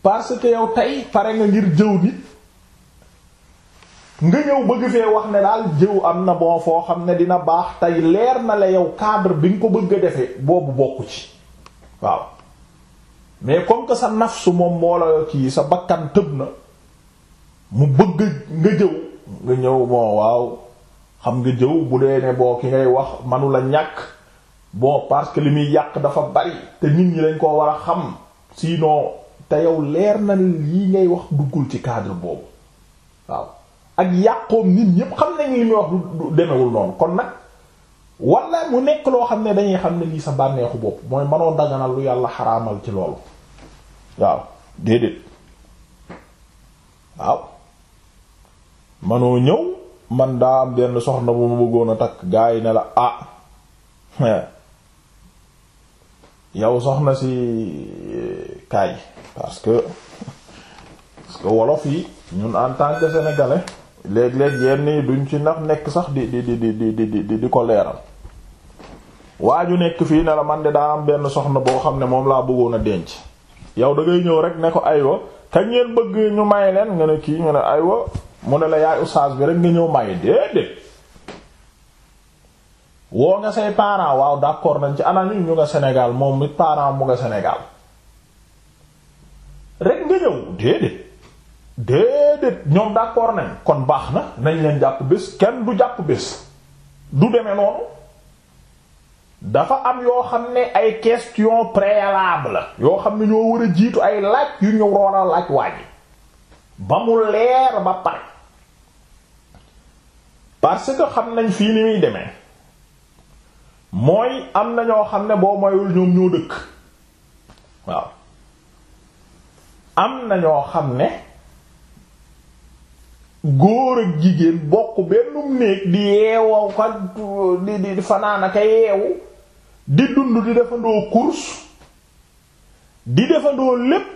parce que yow tey pare nga ngir jëw nit nga ñëw bëgg fee wax ne daal jëw am na boo foo xam ne dina baax tey leer na la yow cadre bi nga ko bëgg a defee boobu bokku ci waaw mais comme que sa nafsu moom moo la kii sa bakkan tëb na mu bëgg nga jëw nga ñëw bon waaw xam nga jëw bu dee ne boo ki ngay wax manu la ñàkk bon parce que li muy yàq dafa bari te nit ñi lañ koo war a xam sinon te yow leer na lii ngay wax duggul ci cadre boobu waaw ak yàqoom nit ñépp xam nañ li muy demewul noonu kon nag wala mu nekk loo xam ne dañuy xam ne lii sa bànneexu bopp mooy manoo daganal lu yàlla xaraamal ci loolu waaw déedéet waaw manoo ñëw man daa am benn soxna bu ma bëggoon a takk gaa yi ne la ah <laughs> yow soxna si kaay parce que wolof yi ñun en tant que sénégalais léeg yenn yi duñ ci ndax nekk sax di di di di di di di ko leeral waa ju nekk fii ne la man de daa am benn soxna boo xam ne moom laa bëggoon a denc yow dangay ñëw rek ne ko aywa kañ ngeen bëgg ñu may leen nga ne kii nga ne aywa mu ne la yaay ustaas bi rek nga ñëw maye déedéet woo nga say parents waaw d'accord nañ ci ana ñu ñu nga Sénégal moom it parent mu nga Sénégal rek nga ñëw déedéet déedéet ñoom d'accord nañ kon baax na nañ leen jàpp bés kenn du jàpp bés du demee noonu dafa am yoo xam ne ay question préalable yoo xam ne ñoo war a jiitu ay laaj yu ñu roonal laaj waaj ba mu leer ba pare parce que xam nañ fii ni muy demee mooy am na ñoo xam ne boo moyul ñoom ñoo dëkk waaw am na ñoo xam ne góor ak jigéen bokk bennum néeg di yeewoo ko di di fanaan ak yeewu di dund di defandoo course di defandoo lépp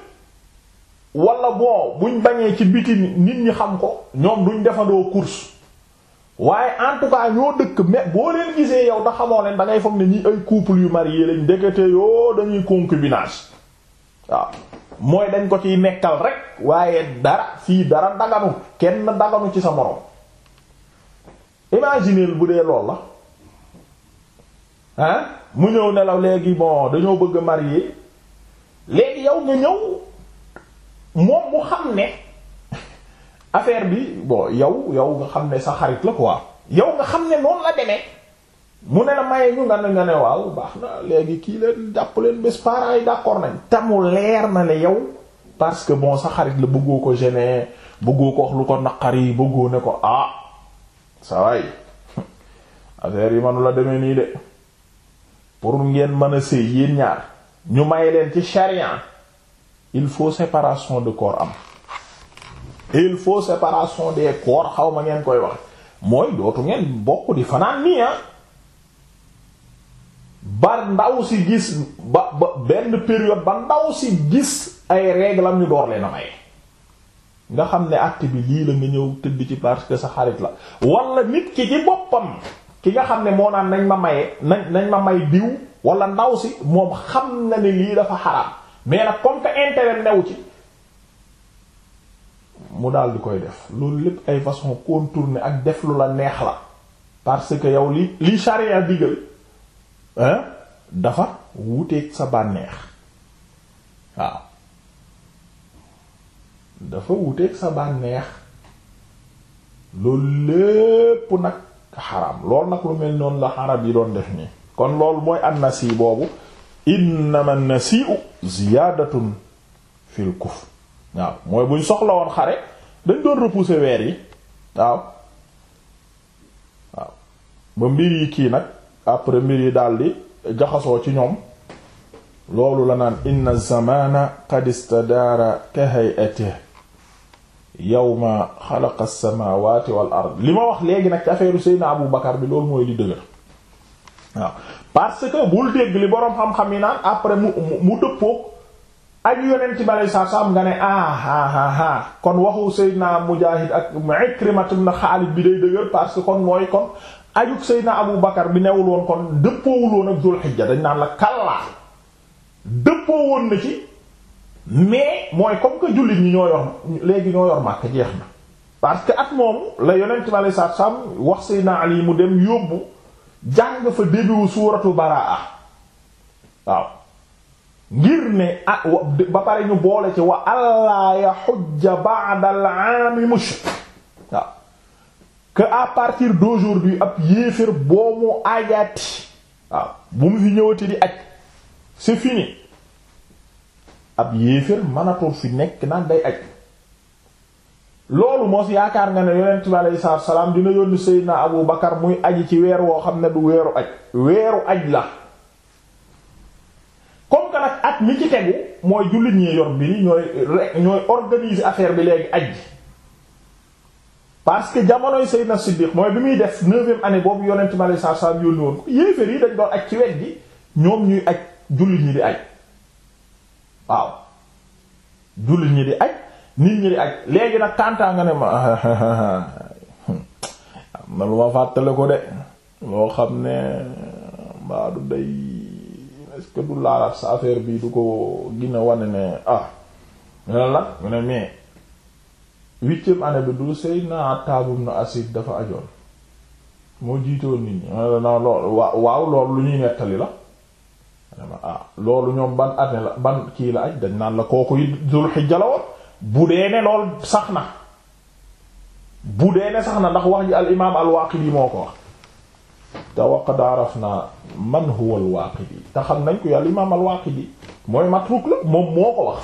wala boo buñ bañee ci biti nit ñi xam ko ñoom duñ defandoo course waaye en tout cas ñoo dëkk mais boo leen gisee yow da xamoo leen da ngay ni ne ñi ay couple yu marié lañ ndekete yoo dañuy concubinage waaw mooy dañ ko ciy nekkal rek waaye dara fii dara daganu kenn daganu ci sa moroom imagineel bu dee lool la ah mu ñëw nelaw léegi bon dañoo bëgg a marié léegi yow nga ñëw moom mu xam ne. affaire bi bon yow yow nga xam ne sa xarit la quoi yow nga xam ne noonu la demee mu ne la maye ñu nga ne nga ne waaw baax na léegi kii leen jàpp leen bés parents yi d'accord nañ tamu leer na le yow parce que bon sa xarit la bëggoo ko gêner bëggoo ko wax lu ko naqari bëggoo ne ko ah sa waay <laughs> affaire yi manu la nii de pour ngeen mën a sëy yéen ñaar ñu may leen ci charia il faut séparation de corps am il faut séparation des corps xaw ma ngeen koy wax mooy dootu ngeen bokk di fanaan nii ah ba ndaw si gis ba ba benn période ba ndaw si gis ay réglam ñu door leen a may nga xam ne acte bi lii la nga ñëw tëdd ci parce que sa xarit la wala nit ki ci boppam ki nga xam ne moo naan nañ ma maye nañ nañ ma may diw walla ndaw si moom xam na ne lii dafa xaraam mais nag comme que intérêt new ci mu daal di koy def loolu lépp ay façon contourner ak def lu la neex la parce que yow li li charia digal hein dafa wuteeg sa bànneex waaw dafa wuteeg sa bànneex loolu lépp nag xaram loolu nag lu mel noonu la xarab yi doon def nii kon loolu mooy annasi boobu innama nasiu ziyaadatun fil waaw mooy buñ soxla woon xare dañ doon repousser weer yi waaw waaw ba mbir yi kii nag après mbir yi di jaxasoo ci ñoom loolu la naan inna zamana qad istadaara ka hay'atihi yawma xalaqa as-samawati ard li ma wax léegi nag ci affaire Seydina Abu Bakar bi loolu mooy li dëgër waaw parce que bul dégg li boroom xam-xam yi naan après mu mu dëppoo ak yonent bi aleyhi salaatu nga ne ah kon waxu Seydina Mujaahid ak Ikrimatu ibn Xaalid bi day dëgër parce que kon mooy kon ajuk Seydina Abu Bakar bi newul woon kon dëppoowul woon ak Dul Hijja dañ naan la kallaa dëppoo woon na ci mais mooy comme que jullit ñi ñoo yor léegi ñoo yor Makka jeex na parce que at moomu la yonent bi aleyhi salaatu wax Seydina Ali mu dem yóbbu jàng fa début suuratu Baraa waaw ngir ne ah ba pare ñu boole ci wa allah ya xujja ba'dal aami mushrik waaw que à partir d'aujourd'hui ab yéefér boo mu ajaati waaw bu mu fi ñëwati di aj c'est fini ab yéefér mënatul fi nekk naan day aj loolu moos yaakaar nga ne yonent bi aleyhi salaatu salaam dina yónni Seydina Abu Bakar muy aji ci weer woo xam ne du weeru aj weeru aj la at mi ci tegu mooy jullit ñi yor bi ñooy ñooy organiser affaire bi léegi aj ji parce que jamonoy si Siddiq mooy bi muy def neuvième année boobu yonent mi alayhi salaatu salaam yónni woon ko yéeféer yi dañ doon aj ci wet gi ñoom ñuy aj jullit ñi di aj waaw jullit ñi di aj nit ñi di aj léegi nag tàntaa nga ne ma <laughs> na lu ma fàttale ko de loo xam ne mbaadu day est-ce que du laalaat sa affaire bi du ko gina wane ne ah mene la mu ne mais huitième année bi du Seydina Attaab ibn Asiid dafa ajoon moo jiitoon nit ñi la waaw loolu lu ñuy nettali la dama ah loolu ñoom ban année la ban kii la aj dañ naan la kooku yi Dul Hijja la woon bu dee ne lool sax na bu dee ne sax na ndax wax ji al imaam al Waaqidi moo ko wax te waqad arafna man huwa al-Waaqidi te xam nañ ko yàlla imaam al-Waaqidi mooy matruk la moom moo ko wax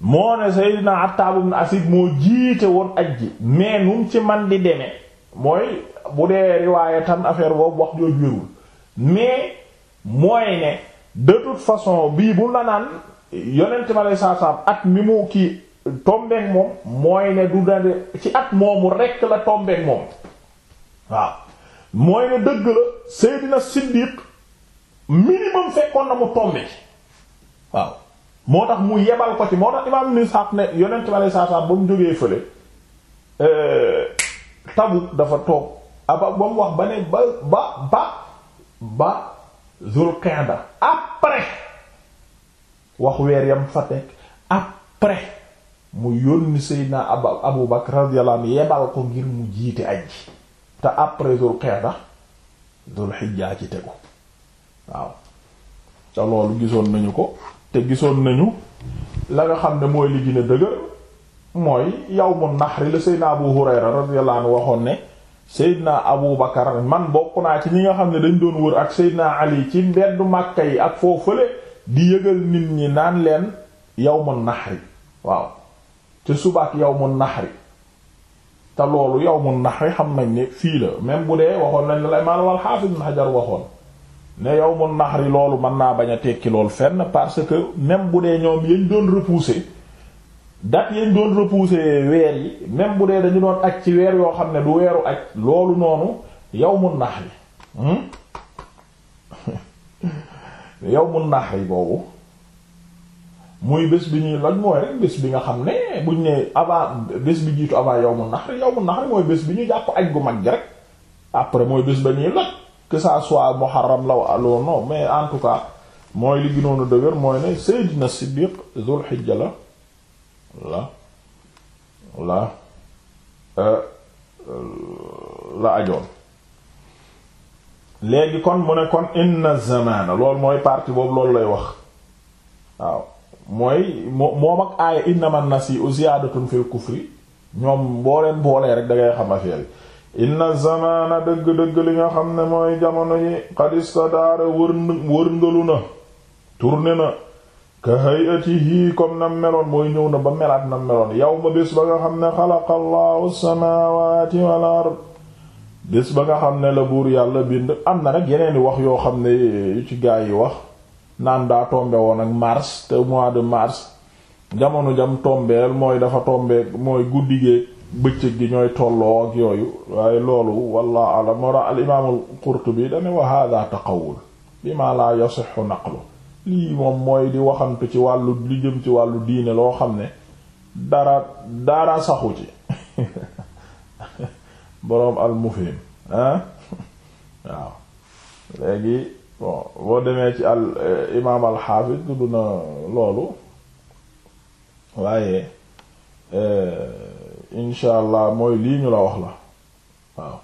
moo ne Seydina Attaab ibn Asiid moo jiite woon aj ji mais num ci man di deme mooy bu dee riwaaye tan affaire boobu wax jooju wérul mais mooy ne de toute façon bii bu la yonent ma lay saasaam at mi mu kii tombeek moom mooy ne du dade ci at moomu rekk la tombeek moom waaw mooy ne dëgg la Seydina Siddiq minimum fekkoon na mu tombé waaw moo tax mu yebal ko ci moo tax imaam Ibn Sa'd ne yonent bi alayhi ba mu jógee fële euh, Tabuk dafa toog aba ah, ba mu wax ba ne ba ba ba ba Zul Qa'da après wax weer yam fa teg après mu yónni Seydina Abu Bakr radiyallahu anhu yebal ko ngir mu jiite aji te après zul qa'da zul xijja ci tegu waaw te loolu gisoon nañu ko te gisoon nañu la nga xam ne mooy li gën a dëgër mooy yawmu nahri la Seydina Abu Hurayra radiyallahu anhu waxoon ne Seydina Abu Bakar man bokk naa ci ñi nga xam ne dañ doon wër ak Seydina Ali ci mbedd Màkka yi ak foo fële di yëgal nit ñi naan leen yawmu nahri waaw te suba ak yawmu nahri te loolu yow mun yawmun nahri xam nañ ne fii la même bu dee waxoon nañ la imaam al-Hafiz Ibn Hajar waxoon ne yawmun nahri loolu mën naa bañ a tekki loolu fenn parce que même bu dee ñoom yañ doon repousser date yañ doon repousser weer yi même bu dee dañu doon aj ci weer yoo xam ne du weeru aj loolu noonu yow yow nahri hmm? <laughs> yawmun nahri boobu mooy bés bi ñuy lan mooy rek bés bi nga xam ne buñ ne avant bés bi jiitu avant yawmu nahr yawmu nahr mooy bés bi ñu jàpp aj gu mag gi rek après mooy bés ba ñuy loj que ça soit muharram la wala non mais en tout cas mooy li ginoonu dëgër mooy ne na Siddiq Zul Hijja la la la euh, la ajoon léegi kon mu ne kon inna zamana loolu mooy partie boobu loolu lay wax waaw mooy moom ak aaya innama nasi'u ziyaadatun fil kufri ñoom boo leen boolee rek da ngay xam affaire yi inna zamana dëgg-dëgg li nga xam ne mooy jamono yi qad istadaara wër wërngalu na tourné na ka hay'atihi comme nam meloon mooy ñëw na ba melaat nam meloon yow ma bés ba nga xam ne xalaqa allahu samawati wal ard bés ba nga xam ne la buur yàlla bind am na rek yeneeni wax yoo xam ne yu ci gaa yi wax naan daa tombe woon ak mars te mois de mars jamono jam tombeel mooy dafa tombe mooy guddi geeg bëccëg gi ñooy tolloo ak yooyu waaye loolu wallah alam moo dax al imaamul wa hada taqawul bi ma la yasixu naqlu lii moom mooy di waxantu ci wàllu li jëm ci wàllu diine loo xam ne dara dara saxu ci <laughs> boroom al mufhim ah? <laughs> waaw léegi bon boo demee ci eh, imaam al xaafis na loolu waaye eh, insha allah mooy lii ñu la wax la waaw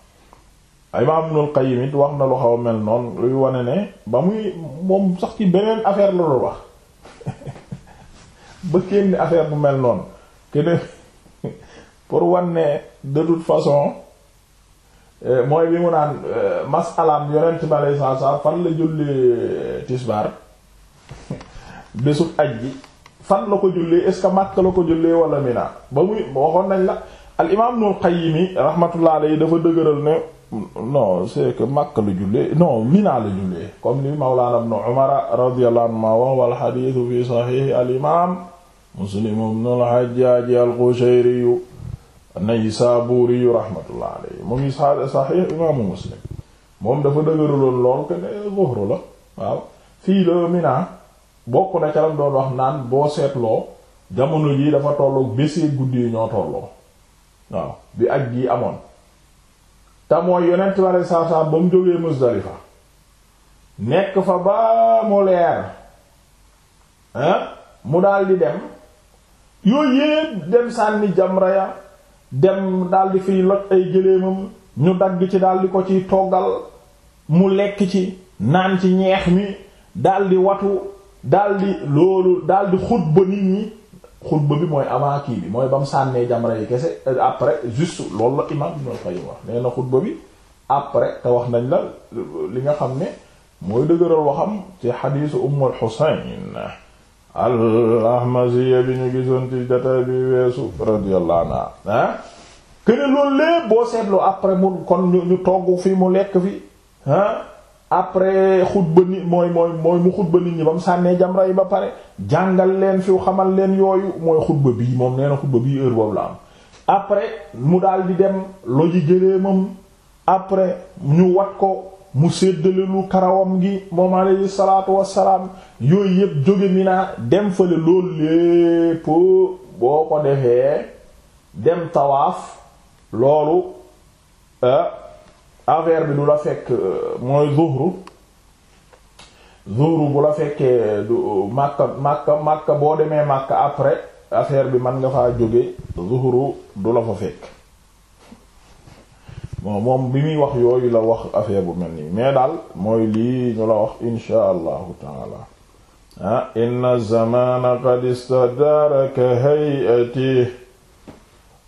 imaam Ibnul Qayyim it wax na lu xaw mel noonu luy wane ne ba muy moom sax ci beneen affaire la doon wax <laughs> ba kenn affaire bu mel noonu que <laughs> pour wane ne de toute façon Euh, mooy bi mu naan euh, masalaam yonent bi alei saatu salaam fan la julli tisbaar <laughs> bésub aj fan la ko jullee est ce que la ko jullee wala Mina ba muy waxoon nañ la al imam Ibnul Qayyim rahmatullah alayhi dafa dëgëral ne non c'est que Makka la jullee non Mina la jullee comme ni Mawlana Ibn Umar radiyallahu anhuma wa wal hadith fi sahih al imam Muslim ibn al Hajjaj al Qushayri an-Naysaburi rahmatullah alayhi mu ngi saxiix imaamu Muslim moom dafa dëgëraloon lool que ne la waaw fii la Mina bokk na ca doon wax naan boo seetloo jamono jii dafa tolloog bésee guddi yi ñoo tolloo waaw bi ak jii amoon te mooy yonent ware saasaan ba mu jógee Muzdalifa nekk fa ba mu leer mu dal di dem yooyu yépp dem sànni jamra ya dem daldi fiy loj ay gëléemam ñu dagg ci di ko ci toggal mu lekk ci naan ci ñeex mi di watu dal di loolu daldi xutba nit ñi xutba bi mooy avant kii bi mooy bam sànnee jamra yi kese euh, après juste loolu la imam Ibn Qayyim wax nee na xutba bi après te wax nañ la li nga xam ne mooy dëgëral waxam ci xadiisu Ummul Husayn al-Ahmaziyya bi ñu gisoon ci jataay bi weesu radiyallahu anha ah kene loolu lépp boo seetloo après mu kon ñu togg fi mu lekk fi ah après xutba nit mooy mooy mooy mu xutba nit ñi ba mu sànnee jamra yi ba pare jàngal leen fi xamal leen yooyu mooy xutba bii moom nee na xutba bii heure boobu la am après mu daal di dem loji gëléemam après ñu wat ko mu séddale lu karawam gi moom alayhi salaatu wassalaam yooyu yëpp jóge Mina dem fële loolu lépp boo ko defee dem tawaaf loolu euh, affaire bi du la fekk euh, mooy zuhru zuhru bu la fekkee euh, du Makka Makka Makka boo demee Makka après affaire bi mën nga faa jóge zuhru du la fa fekk bon moom bi muy wax yooyu la wax affaire bu mel nii mais daal mooy lii ñu la wax insha allahu taala ah inna zamana qad istadara ka hayati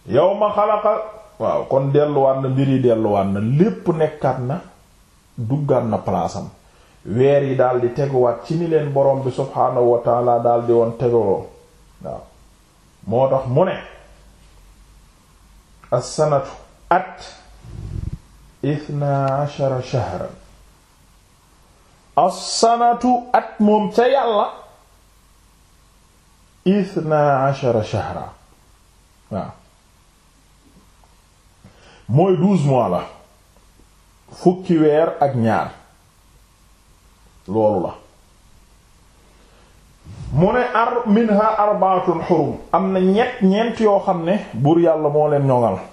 yawma xalaqa waaw kon delluwaat na mbir yi delluwaat na lépp nekkaat na duggaat na palaasam weer yi daal di teguwaat ci ni leen borom bi subhaanahu wa taala di woon teguloo waaw moo tax mu ne as at ithnaa ashara shahran as-sanatu at moom ca yàlla ithnaa ashara shahra waaw mooy douze mois la fukki weer ak ñaar loolu la mu ne ar minha arbaatun xurum am na ñett ñeent yoo xam ne buur yàlla moo leen ñoŋal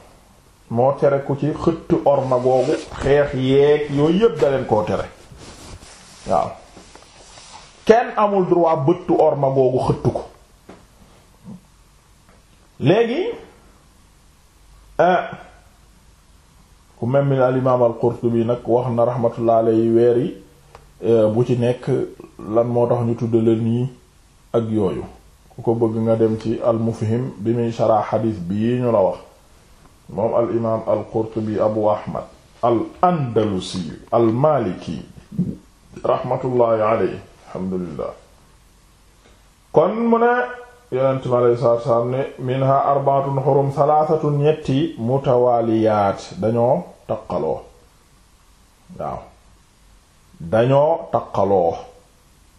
moo tere ku ci xëtt orma googu xeex yeeg yooyu yëpp da koo tere waaw kenn amul droit bëtt orma googu xëtt ko léegi eh, ku mel ni al imaam nag wax na rahmatullah alayhi weer yi eh, bu ci nekk lan moo tax ñu tudd la nii ak yooyu ku ko bëgg nga dem ci al bi muy sarah xadiis bii ñu la wax moom al imaam al qurtubi abu ahmad al andalusi al maliki rahmatullahi alayhi alhamdulillah kon mu ne yonent mi alayhi salaatu salaam ne minha arbaatun xurum salaasatun ñetti mutawaaliyaat dañoo taqaloo waaw dañoo taqaloo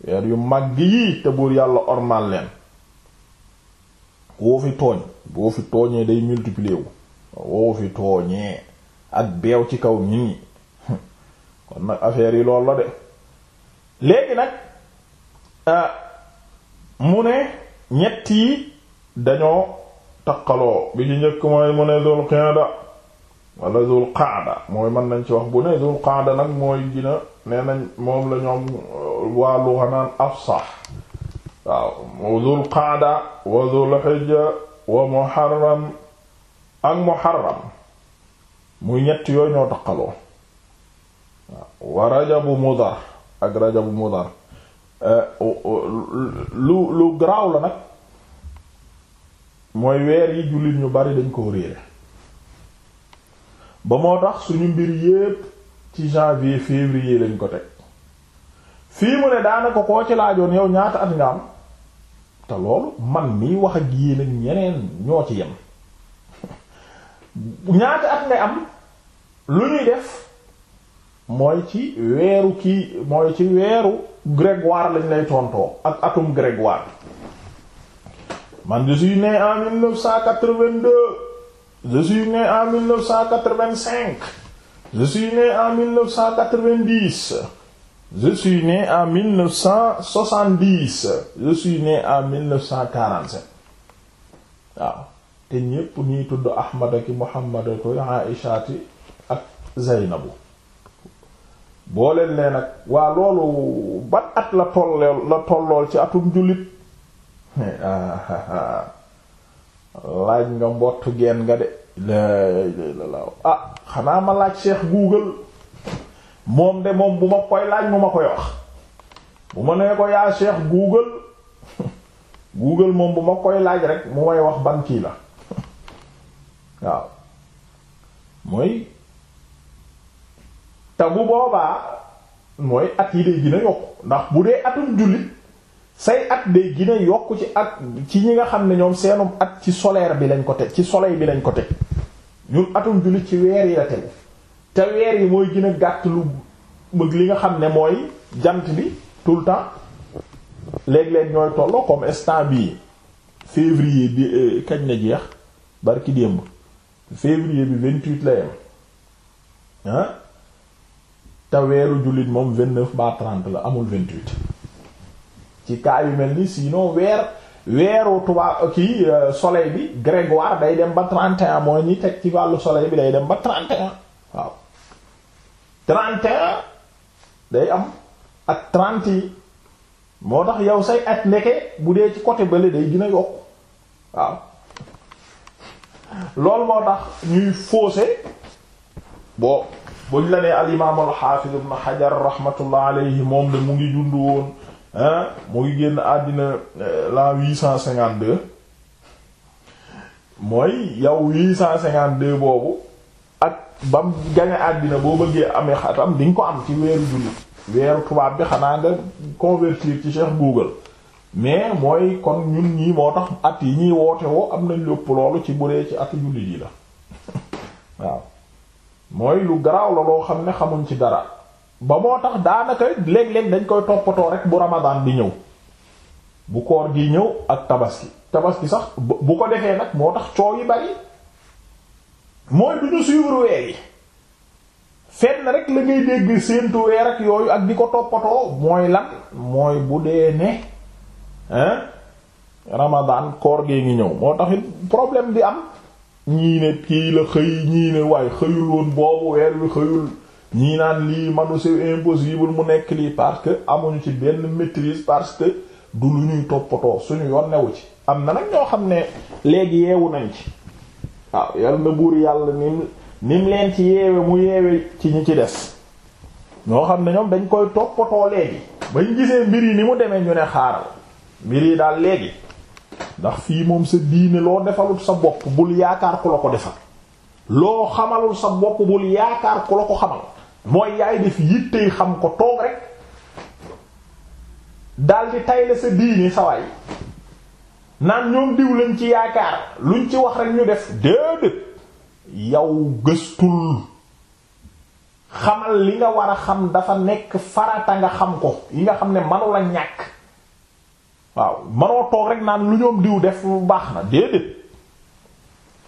weer yu mag yii te buur yàlla ormal leen boo fi tooñ boo fi tooñee day multiplier woo fi tooñee ak beew ci kaw nit kon nag affaire yi lool la de léegi nag euh, mu ne ñett dañoo taqaloo bi ci njëkk mooy mu ne dul qa'da wala dul qa'da mooy mën nañ ci wax bu ne dul qa'da nag mooy gina nee moom la ñoom euh, waa xanaan afsah waaw dul qa'da wa dul hijja wa muharram ak muharram muy ñett yooyu ñoo taqaloo wa rajabu mudar ak rajabu mudar lu lu garaaw la nag mooy weer yi jullit ñu bari dañ ko réere ba moo tax suñu mbir yépp ci janvier février lañ ko teg fii mu ne daanaka koo ci laajoon yow ñaata at nga am te loolu man miy wax ak yéen ak ñoo ci yem ñaata at ngay am lu ñuy def mooy ci weeru kii mooy ci weeru grégoire lañ lay tontoo ak atum grégoire man je suis a en 1982 je suis né en 1985 je suis né en 1990 je suis né en 1970 je suis né en 1947 waaw te ñépp ñuy tudd ahmad aki muhammad akoy aïshati ak zaynabu boo leen lee nag waa loolu ban at la tolleel ci atum jullit <laughs> laaj nga mbott geen nga de ah, xanaa ma laaj cheikh google de moom bu ma koy laaj bu ma nee ko yaa cheikh google <laughs> google moom bu ma koy laaj rek mu may wax ban kii la waaw mooy te bu boobaa mooy at yi day gën a yokk ndax bu dee atum jullit say at day gën a yokk ci at ci ñi nga xam ne ñoom seenum at ci solaire bi lañ ko teg ci soleil bi lañ ko teg ñun atum jullit ci weer yi la tegu te weer yi mooy gën a gàtt lu bëgg li nga xam ne mooy jant bi tout le temps léeg ñooy tolloo comme instant bii février bi euh, kañ la jeex barki démb février bi vingt-huit la yem ah te weeru jullit moom vingt-neuf ba trent la amul vingt-huit ci cas yu mel ni sinon weer weeru tubaab euh, kii euh, soleil bi grégoire day dem ba trente et un mooy ñi teg ci wàllu soleil bi day dem ba trente et un waaw trente un day am ak trente yi moo tax yow say at ndeke bu dee ci côté bële day gën a yokk waaw loolu moo tax ñuy fausser boo buñ la nee al imaam al xaafiz Hajar rahmatullah alayhi moom de mu ngi jund woon mu génn àddina euh, la 852 mooy yow 852 boobu ak bam gañe àddina boo bëggee amee xatam di ko am ci weeru jullit weeru tubaab bi xanaa nga convertir ci Cheikh Google mais mooy kon ñun ñii moo tax at yi ñuy woote woo am nañ lépp loolu ci bu ci at jullit yi la <laughs> waaw mooy lu garaaw la loo xam ne xamuñ ci dara ba moo tax daanaka léeg-léeg dañ koy toppatoo rek bu ramadan di ñëw bu koor gi ñëw ak tabaski tabaski sax bu ko defee nag moo tax coow yi bari mooy du ñu weer yi fenn rek la ngay dégg séentu weer yooyu ak di ko toppatoo mooy lan mooy bu dee ne ramadan koor gee ngi ñëw moo taxit problème bi am ñii kii la xëy ñii ne waaye xëyul woon boobu weer wi xëyul ñii naan lii manu c'est impossible mu nekk lii parce que amuñu ci benn maîtrise parce que du lu ñuy toppatoo suñu yoon newu ci am na nag ñoo xam ne léegi yeewu nañ ci waaw yàlla buur yàlla nim nim leen ci yeewe mu yeewe ci ñi ci des ñoo xam ne ñoom dañ koy toppatoo léegi bañ gisee mbir yi ni mu demee ñu ne xaaral mbir yi daal léegi ndax fii moom sa diine loo defalul sa bopp bul yaakaar ku la ko defal loo xamalul sa bopp bul yaakaar ku la ko xamal mooy yaay def yittey xam ko toog rek daal di tayle sa diine sa waay naan ñoom diw lañ ci yaakaar luñ ci wax rek ñu def déedéet yow gëstul xamal li nga war a xam dafa nekk farata nga xam ko yi nga xam ne manu ñàkk waaw manoo toog rek naan lu ñoom diw def lu baax na déedéet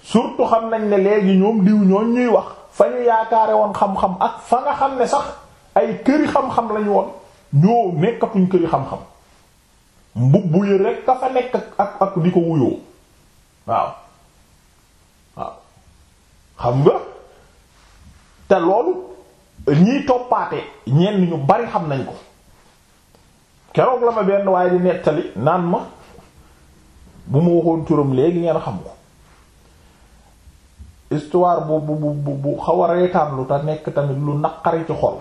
surtout xam nañ ne léegi ñoom diw ñooñ ñuy wax fa ñu yaakaare woon xam-xam ak fa nga xam ne sax ay këri xam-xam lañu woon ñoo nekkatuñ këri xam-xam mbubb yi rekk ka fa nekk ak ak di ko wuyoo waaw waaw xam nga te loolu ñiy toppaate ñeen ñu bari xam nañ ko keroog la ma benn waaye di nettali naan ma bu ma waxoon turam léegi ngeen xam ko histoire bu bu bu bu xaw a reetaan lu te nekk tamit lu naqari ci xol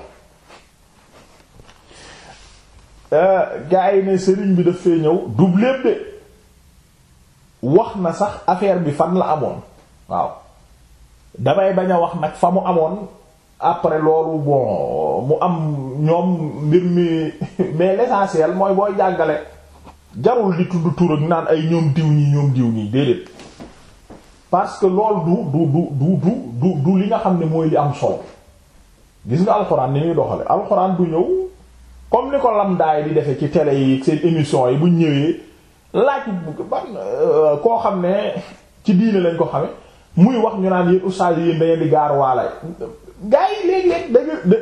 euh, gaa yi ne sëriñ bi daf fee ñëw doublé de wax na sax affaire bi fan la amoon waaw damay bañ a wax nag fa mu amoon après loolu bon mu am ñoom mbir mi mais l'essentiel mooy booy jàngale jarul di tudd tur ak naan ay ñoom diw ñi ñoom diw ñi déedéet parce que loolu du du du du du du li nga xam ne mooy li am solo gis nga alxuraan ni ñuy doxale alxuraan du ñëw comme ni ko lamdaay di defe ci télé yi seen émission yi bu ñëwee laaj ban euh, koo xam ne ci diine lañ ko xame muy wax ñu naan yéen ustaas yi yéen da ngeen di gaar waala gaa yi léegi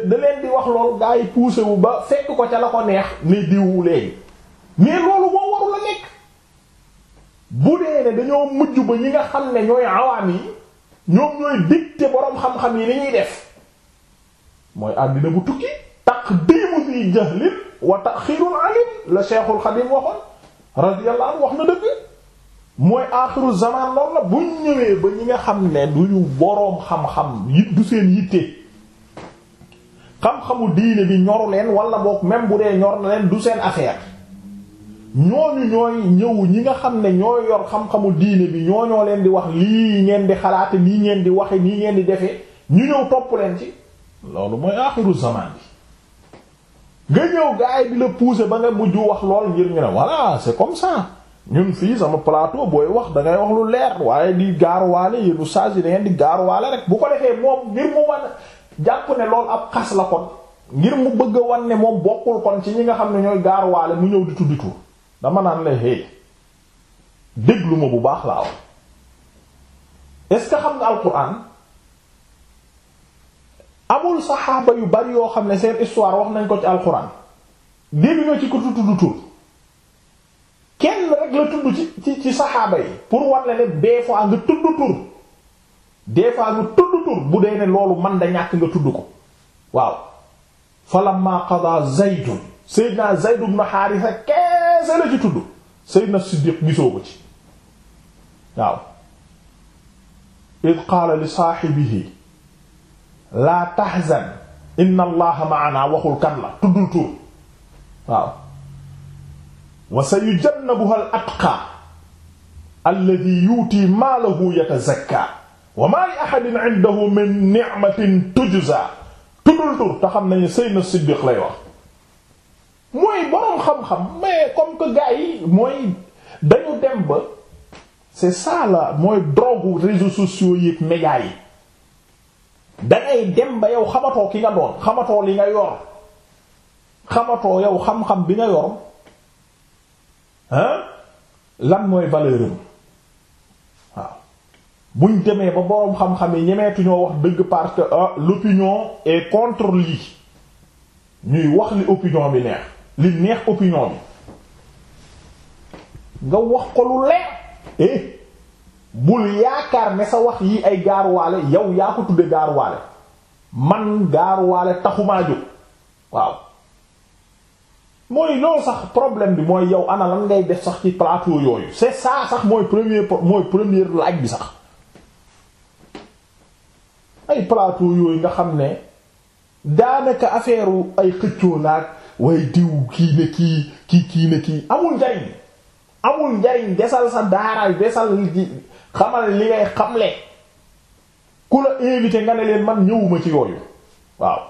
da leen di wax loolu gaa yi poussé wu ba fekk ko ca la ko neex ni diwu léegi mais loolu moo waru la nekk bu dee ne dañoo mujj ba ñi nga xam ne ñooy awaam yi ñoom ñooy dicté boroom xam-xam yi ni ñuy def mooy àddina bu tukki taqdimu fi jahlin wa taxirul alim la Cheikhul Xadim waxoon radiyallahu anhu wax na dëgg mooy aaxiru zaman lool la buñ ñëwee ba ñi nga xam ne duñu boroom xam-xam yi du seen yitte xam-xamu diine bi ñoru leen wala boog même bu dee ñor na leen du seen affaire ñooñu ñooy ñëw ñi nga xam ne ñoo yor xam-xamu diine bi ñoo ñoo leen di wax lii ngeen di xalaate nii ngeen di waxe nii ngeen di defee ñu ñëw topp leen ci loolu mooy aaxiru zaman bi nga ñëw gaay bi la pousser ba nga mujj wax lool ngir ñu ne voilà c'est comme ça ñun fii sama plateau booy wax da wax lu leer waaye di gaaruwaale yéenu saag yi da di gaaruwaale rek bu ko defee moom ngir mu wan jàpp ne lool ab xas la kon ngir mu bëgg a ne moom bokkul kon ci ñi nga xam ne ñooy gaaruwaale mu ñëw di tuddi tur dama naan la hey déglu ma bu baax laa wax est-ce que xam nga alquran amul saxaaba yu bari yoo xam ne seen histoire wax nañ ko ci alquran dégg nga ci ko tuddu kenn rek la tudd ci ci pour war la ne des nga tudd tur des nga tudd tur bu dee ne loolu man da ñàkk nga tudd ko waaw falamma qada zaydun sayyidna zayd ibn haarisa keese la ci tudd sayyidna siddiq gisoo ko ci waaw id qaala li saahibihi laa tahzan inna allaha ma'ana waxul kan la tur waaw wa sayujannabuha al atqa alladhi yuuti maalahu yatazakka wa maa li ahadin indahu min ni'matin tujza tuddul tur te xam nañu Seydina Siddiq lay wax mooy boroom xam-xam mais comme que gars yi mooy dañu dem ba c'est ça la mooy drogue réseaux sociaux yi ak médias dangay dem ba yow xamatoo ki nga doon xamatoo li nga yor xamatoo yow xam-xam bi nga yor hein lan mooy valeuram waaw buñ demee ba boroom xam-xam yi ñemeetuñoo wax dëgg parce que ah, l'opinion est contre lii ñuy wax li opinion bi neex li neex opinion bi nga wax ko lu leer eh bul yaakaar ne sa wax yi ay gaaruwaale yow yaa ko tudde gaaruwaale man gaaruwaale taxumaa jóg waaw mooy loolu sax problème bi mooy yow ana lan ngay def sax ci plateau yooyu c'est ça sax mooy premier mooy premier ak bi sax ay plateau yooyu nga xam ne daanaka affaire ay xëccoo naag waaye diw kii ne kii kii kii ne kii amul njariñ amul njariñ desal sa daaraay desal xamal li ngay xamle ku la invité nga ne leen man ñëwuma ci yooyu waaw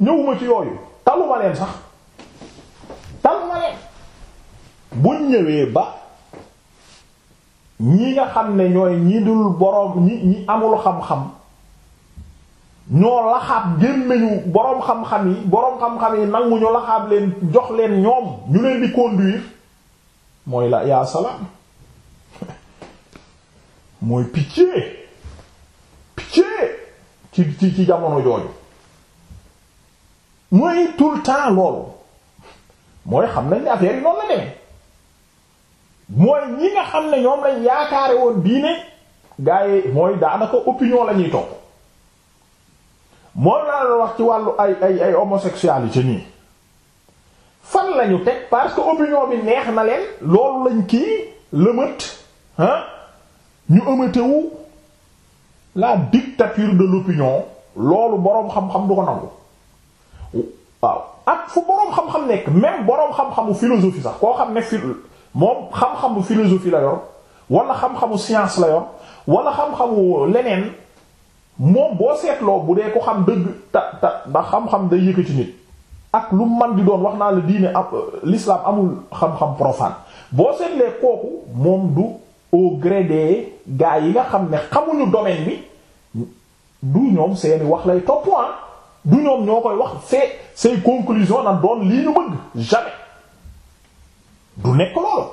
ñëwuma ci yooyu taluma leen sax bu ñëwee ba ñi nga xam ne ñooy ñi dul boroom ñi ñi amul xam-xam ñoo laxaab gémmiñu boroom xam-xam yi boroom xam-xam yi nangu ñu laxaab leen jox leen ñoom ñu leen di conduire mooy la yaa salaam <laughs> mooy pitié pitié ci ci jamono jooju mooy tout le temps loolu mooy xam nañ ne affaire yi noonu la demee mooy ñi nga xam ne ñoom lañ yaakaare woon diine gaa yi mooy daanaka opinion la ñuy topp moom wax ci wàllu ay ay ay nii fan lañu ñu teg parce que opinion bi neex na leen loolu lañ kii lëmët ah ñu ëmatewu la dictature de l'opinion loolu boroom xam-xam du ko nangu waaw ak fu boroom xam-xam nekk même boroom xam-xamu philosophie sax koo xam ne moom xam-xamu philosophie la yor wala xam-xamu science la yor wala xam-xamu leneen moom boo seetloo bu dee ko xam dëgg ta ta xam-xam day yëkkati nit ak lu man di doon wax naa la diine ab euh, l'islam amul xam-xam profane boo seetlee kooku moom du au gré des gars yi nga xam ne xamuñu domaine bi du ñoom seeni wax lay topp ah. du ñoom ñoo koy wax c'est c'est conclusion na doon lii ñu bëgg jamais du nekk loolu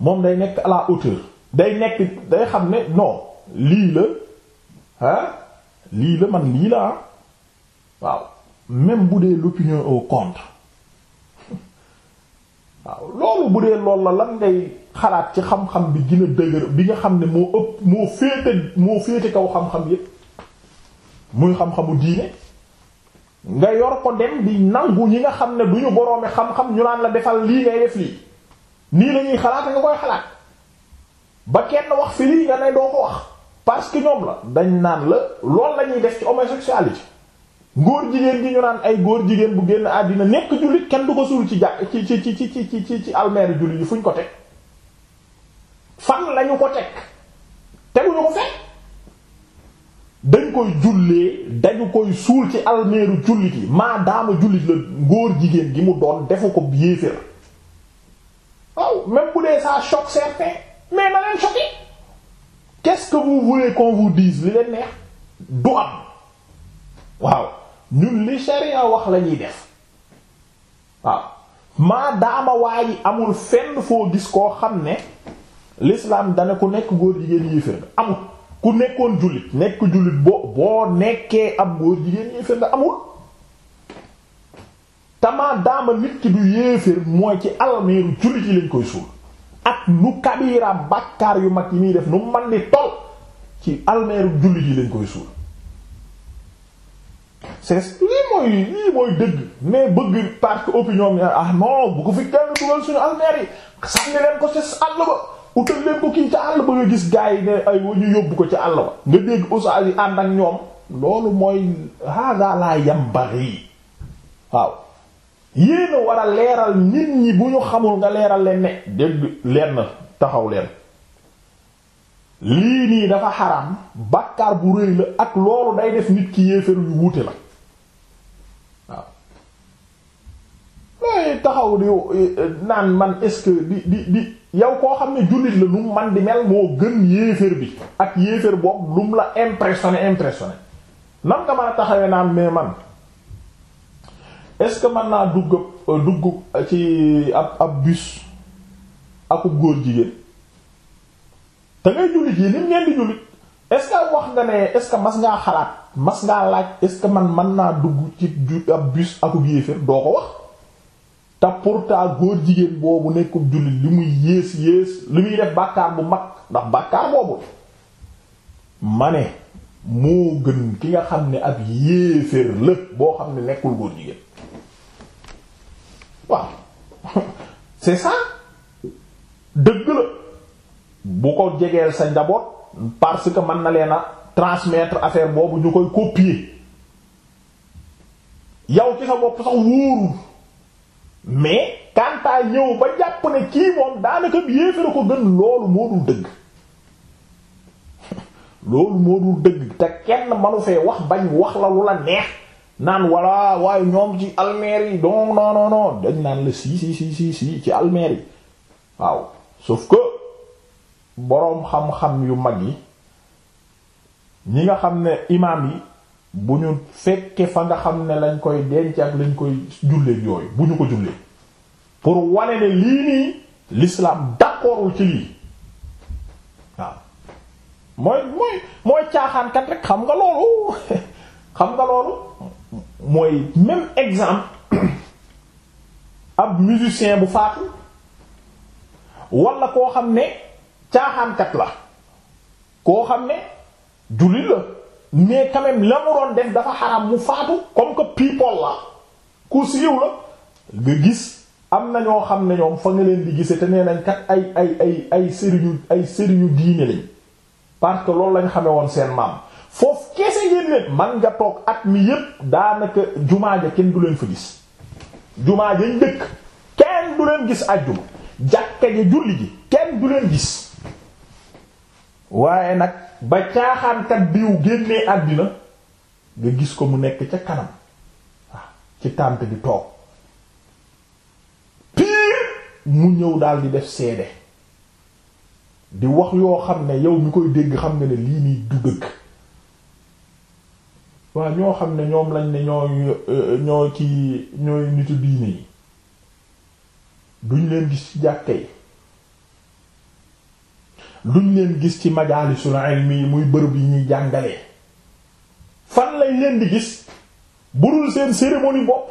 moom day nekk à la hauteur day nekk day xam ne non lii la ah lii la man lii la ah waaw même bu dee l'opinion au contre <laughs> waaw loolu bu dee lool la lan ngay xalaat ci xam-xam bi gën a dëgër bi nga xam ne moo ëpp moo féete moo féete kaw xam-xam yépp muy xam-xamu diine nga yor ko dem di nangu ñi nga xam ne du ñu boroomi xam-xam ñu naan la defal lii ngay def lii nii lañuy xalaat nga koy xalaat ba kenn wax fi lii nga ne doo ko wax parce que ñoom la dañ naan la lool lañuy def ci homosexualité góor jigéen gi ñu naan ay góor jigéen bu génn àddina nekk jullit kenn du ko suul ci jàpp ci ci ci ci ci ci ci almeeri jullit yi fu ñu ko teg fan lañu ko teg teguñu ko fekk dañ koy jullee dañu koy suul ci almeeru jullit yi maadaama jullit la góor jigéen gi mu doon defu ko yéeféer waaw oh, même bu dee ça choque certains mais na leen choqué quest que vous voulez qu'on vous dise li leen neex du am waaw ñun li sharia wax la ñuy def waaw maadaama waa ji amul fenn foo gis koo xam ne l'islam dana ku nekk góor jigéen yéefér nga amul ku nekkoon jullit nekk jullit boo boo nekkee ab góor jigéen yéefér nga amul tamaa daama nit ki du yéeféer mooy ci almeeru jullit yi lañ koy suul ak nu kabira bàkkaar yu mag yi muy def nu man di tol ci almeeru jullit yi lañ koy suul c'est lii mooy lii mooy dëgg mais bëgg parce que opinion bi ah bu ko fi kenn dugal suñu almeer yi sànni leen ko ci àll ba utal leen ko kii ca àll ba nga gis gars yi ne ay wa ñu yóbbu ko ci àll ba nga dégg oustaz yi ànd ak ñoom loolu mooy hada la yambari waaw yéena war leeral nit ñi bu ñu xamul nga leeral leen ne dégg leen taxaw leen lii nii dafa xaraam bàkkaar bu rëy la ak loolu day def nit ki yéeféer yu wuute la waaw looy taxaw di eh, naan man est-ce di di di yow koo xam ne jullit la nu man di mel moo gën yéeféer bi ak yéeféer boobu lu mu la impressionné impressionné nan nga mën taxawee naan mais man est-ce que mën naa dugg euh, dugg ci ab bus akub góor jigéen te ngay jullit yi nim ngeen di jullit est-ce wax nga ne est mas ngaa xalaat mas ngaa laaj est-ce man mën naa dugg ci ab bus akub yéefér doo ko wax te góor jigéen boobu nekkub jullit li muy yées yées li muy def bàkkaar bu mag ndax bàkkaar boobu ma ne moo gën ki nga xam ne ab yéefér la boo xam ne nekkul góor jigéen waaw c'est ça dëgg la bu ko jegeel sa njaboot parce que man na leen a transmettre affaire boobu ñu koy copier yow ci sa bopp sax wóorul mais kantaa ñëw ba jàpp ne kii moom daanaka bi yéefara ko gën loolu moo dul dëgg <laughs> loolu moo dul dëgg te kenn manu fee wax bañ wax la lu la neex naan walla waaye ñoom ci almeer yi donc non non non dañ naan la si si si si si ci almeer yi waaw sauf que boroom xam-xam yu mag yi ñi nga xam ne imaam yi bu ñu fekke fa nga xam ne lañ koy denc ak lañ koy jullee yooyu bu ñu ko jullee pour wane ne lii nii l'islam d'accordul ci lii waaw mooy mooy mooy caaxaankat rek xam nga loolu <laughs> xam nga loolu mooy même exemple ab musicien bu faatu na koo xam ne caaxaankat la koo xam ne jullit la mais quand la mu doon def dafa xaram mu faatu comme que people la ku siiw la nga gis am na ñoo xam ne ñoom fa nga leen di gise te nee nañ kat ay ay ay ay sëriñu ay sëriñu diine lañ parce que loolu lañ xame woon seen maam foofu keese ngeen leen nga toog at mi yépp daanaka jumaa ja kenn du leen fa gis jumaa ja ñu dëkk kenn du leen gis ajjuma jàkka ja julli ji kenn du leen gis waaye nag ba caaxaankat diw génnee àddina nga gis ko mu nekk ca kanam waaw ci tànt bi toog pire mu ñëw daal di def seede di wax yoo xam ne yow mi koy dégg xam nga ne lii nii du dëgg waaw ñoo xam ne ñoom lañ ne ñoo euh, ñoo ci ñooy nitu diine yi duñ leen gis ci jàkka duñ leen gis ci majaalisul ilmi muy bërëb yi ñuy jàngale fan lañ leen di gis burul seen cérémonie bopp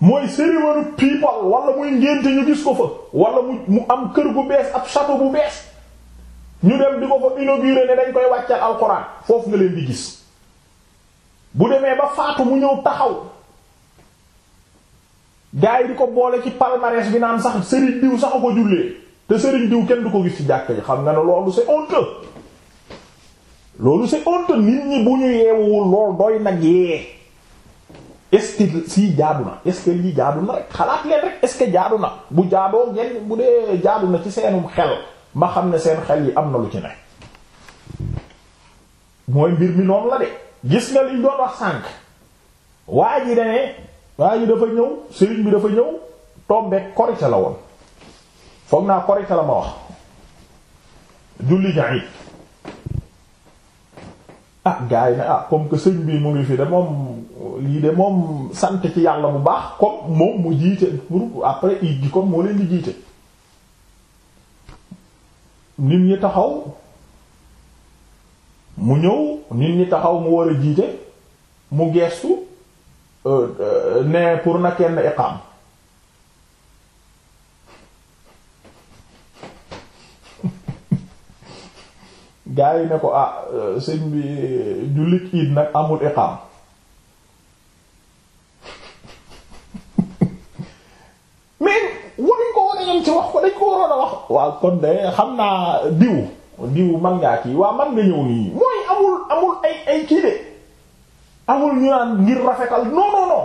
mooy cérémonie people wala muy ngénte ñu gis ko fa wala mu mu am kër gu bees ab château bu bees ñu dem di ko fa inaugurer ne dañ koy wàccal alxuraan foofu nga leen di gis bu demee ba faatu mu ñëw taxaw gars yi di ko boole ci palmarès bi naan sax Serigne diw sax a ko jullee te Serigne diw kenn du ko gis ci jàkk yi xam nga ne loolu c'est honteux loolu c'est honteux nit ñi bu ñu yeewuwul lool doy nag yee est-ce si jaadu na est-ce que lii jaadu na rek xalaat leen rek est-ce que jaadu na bu jaadoo ngeen bu dee jaadu na ci seenum xel ma xam ne seen xel yi am na lu ci ne mooy mbir mi noonu la de. gis nga liñ doon wax sànq waa ji dane waa ji dafa ñëw sëriñ bi dafa ñëw tombe korite la woon foog naa korite la ma wax julli ja it ah gars yi ah comme que sëñ bi mu ngi fi de moom lii de moom sant ci yàlla bu baax comme moom mu jiite pour après it gi comme moo leen di jiite nit ñi taxaw mu ñëw nit ñi taxaw mu war a jiite mu geestu euh, euh, ne pour na kenn iqaam <laughs> gaa yi ne ko ah euh, sëñ bi jullit iid nag amul iqaam <laughs> mais waruñ ko war a yem ci wax ko dañ ko waroon a wax waaw kon de xam naa diw diw man ngaa kii waa man nga ñëw nii mooy amul amul ay ay kii de amul ñu ngir rafetal non non non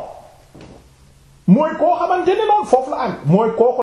mooy koo xamante ne noonu foofu la am mooy kooku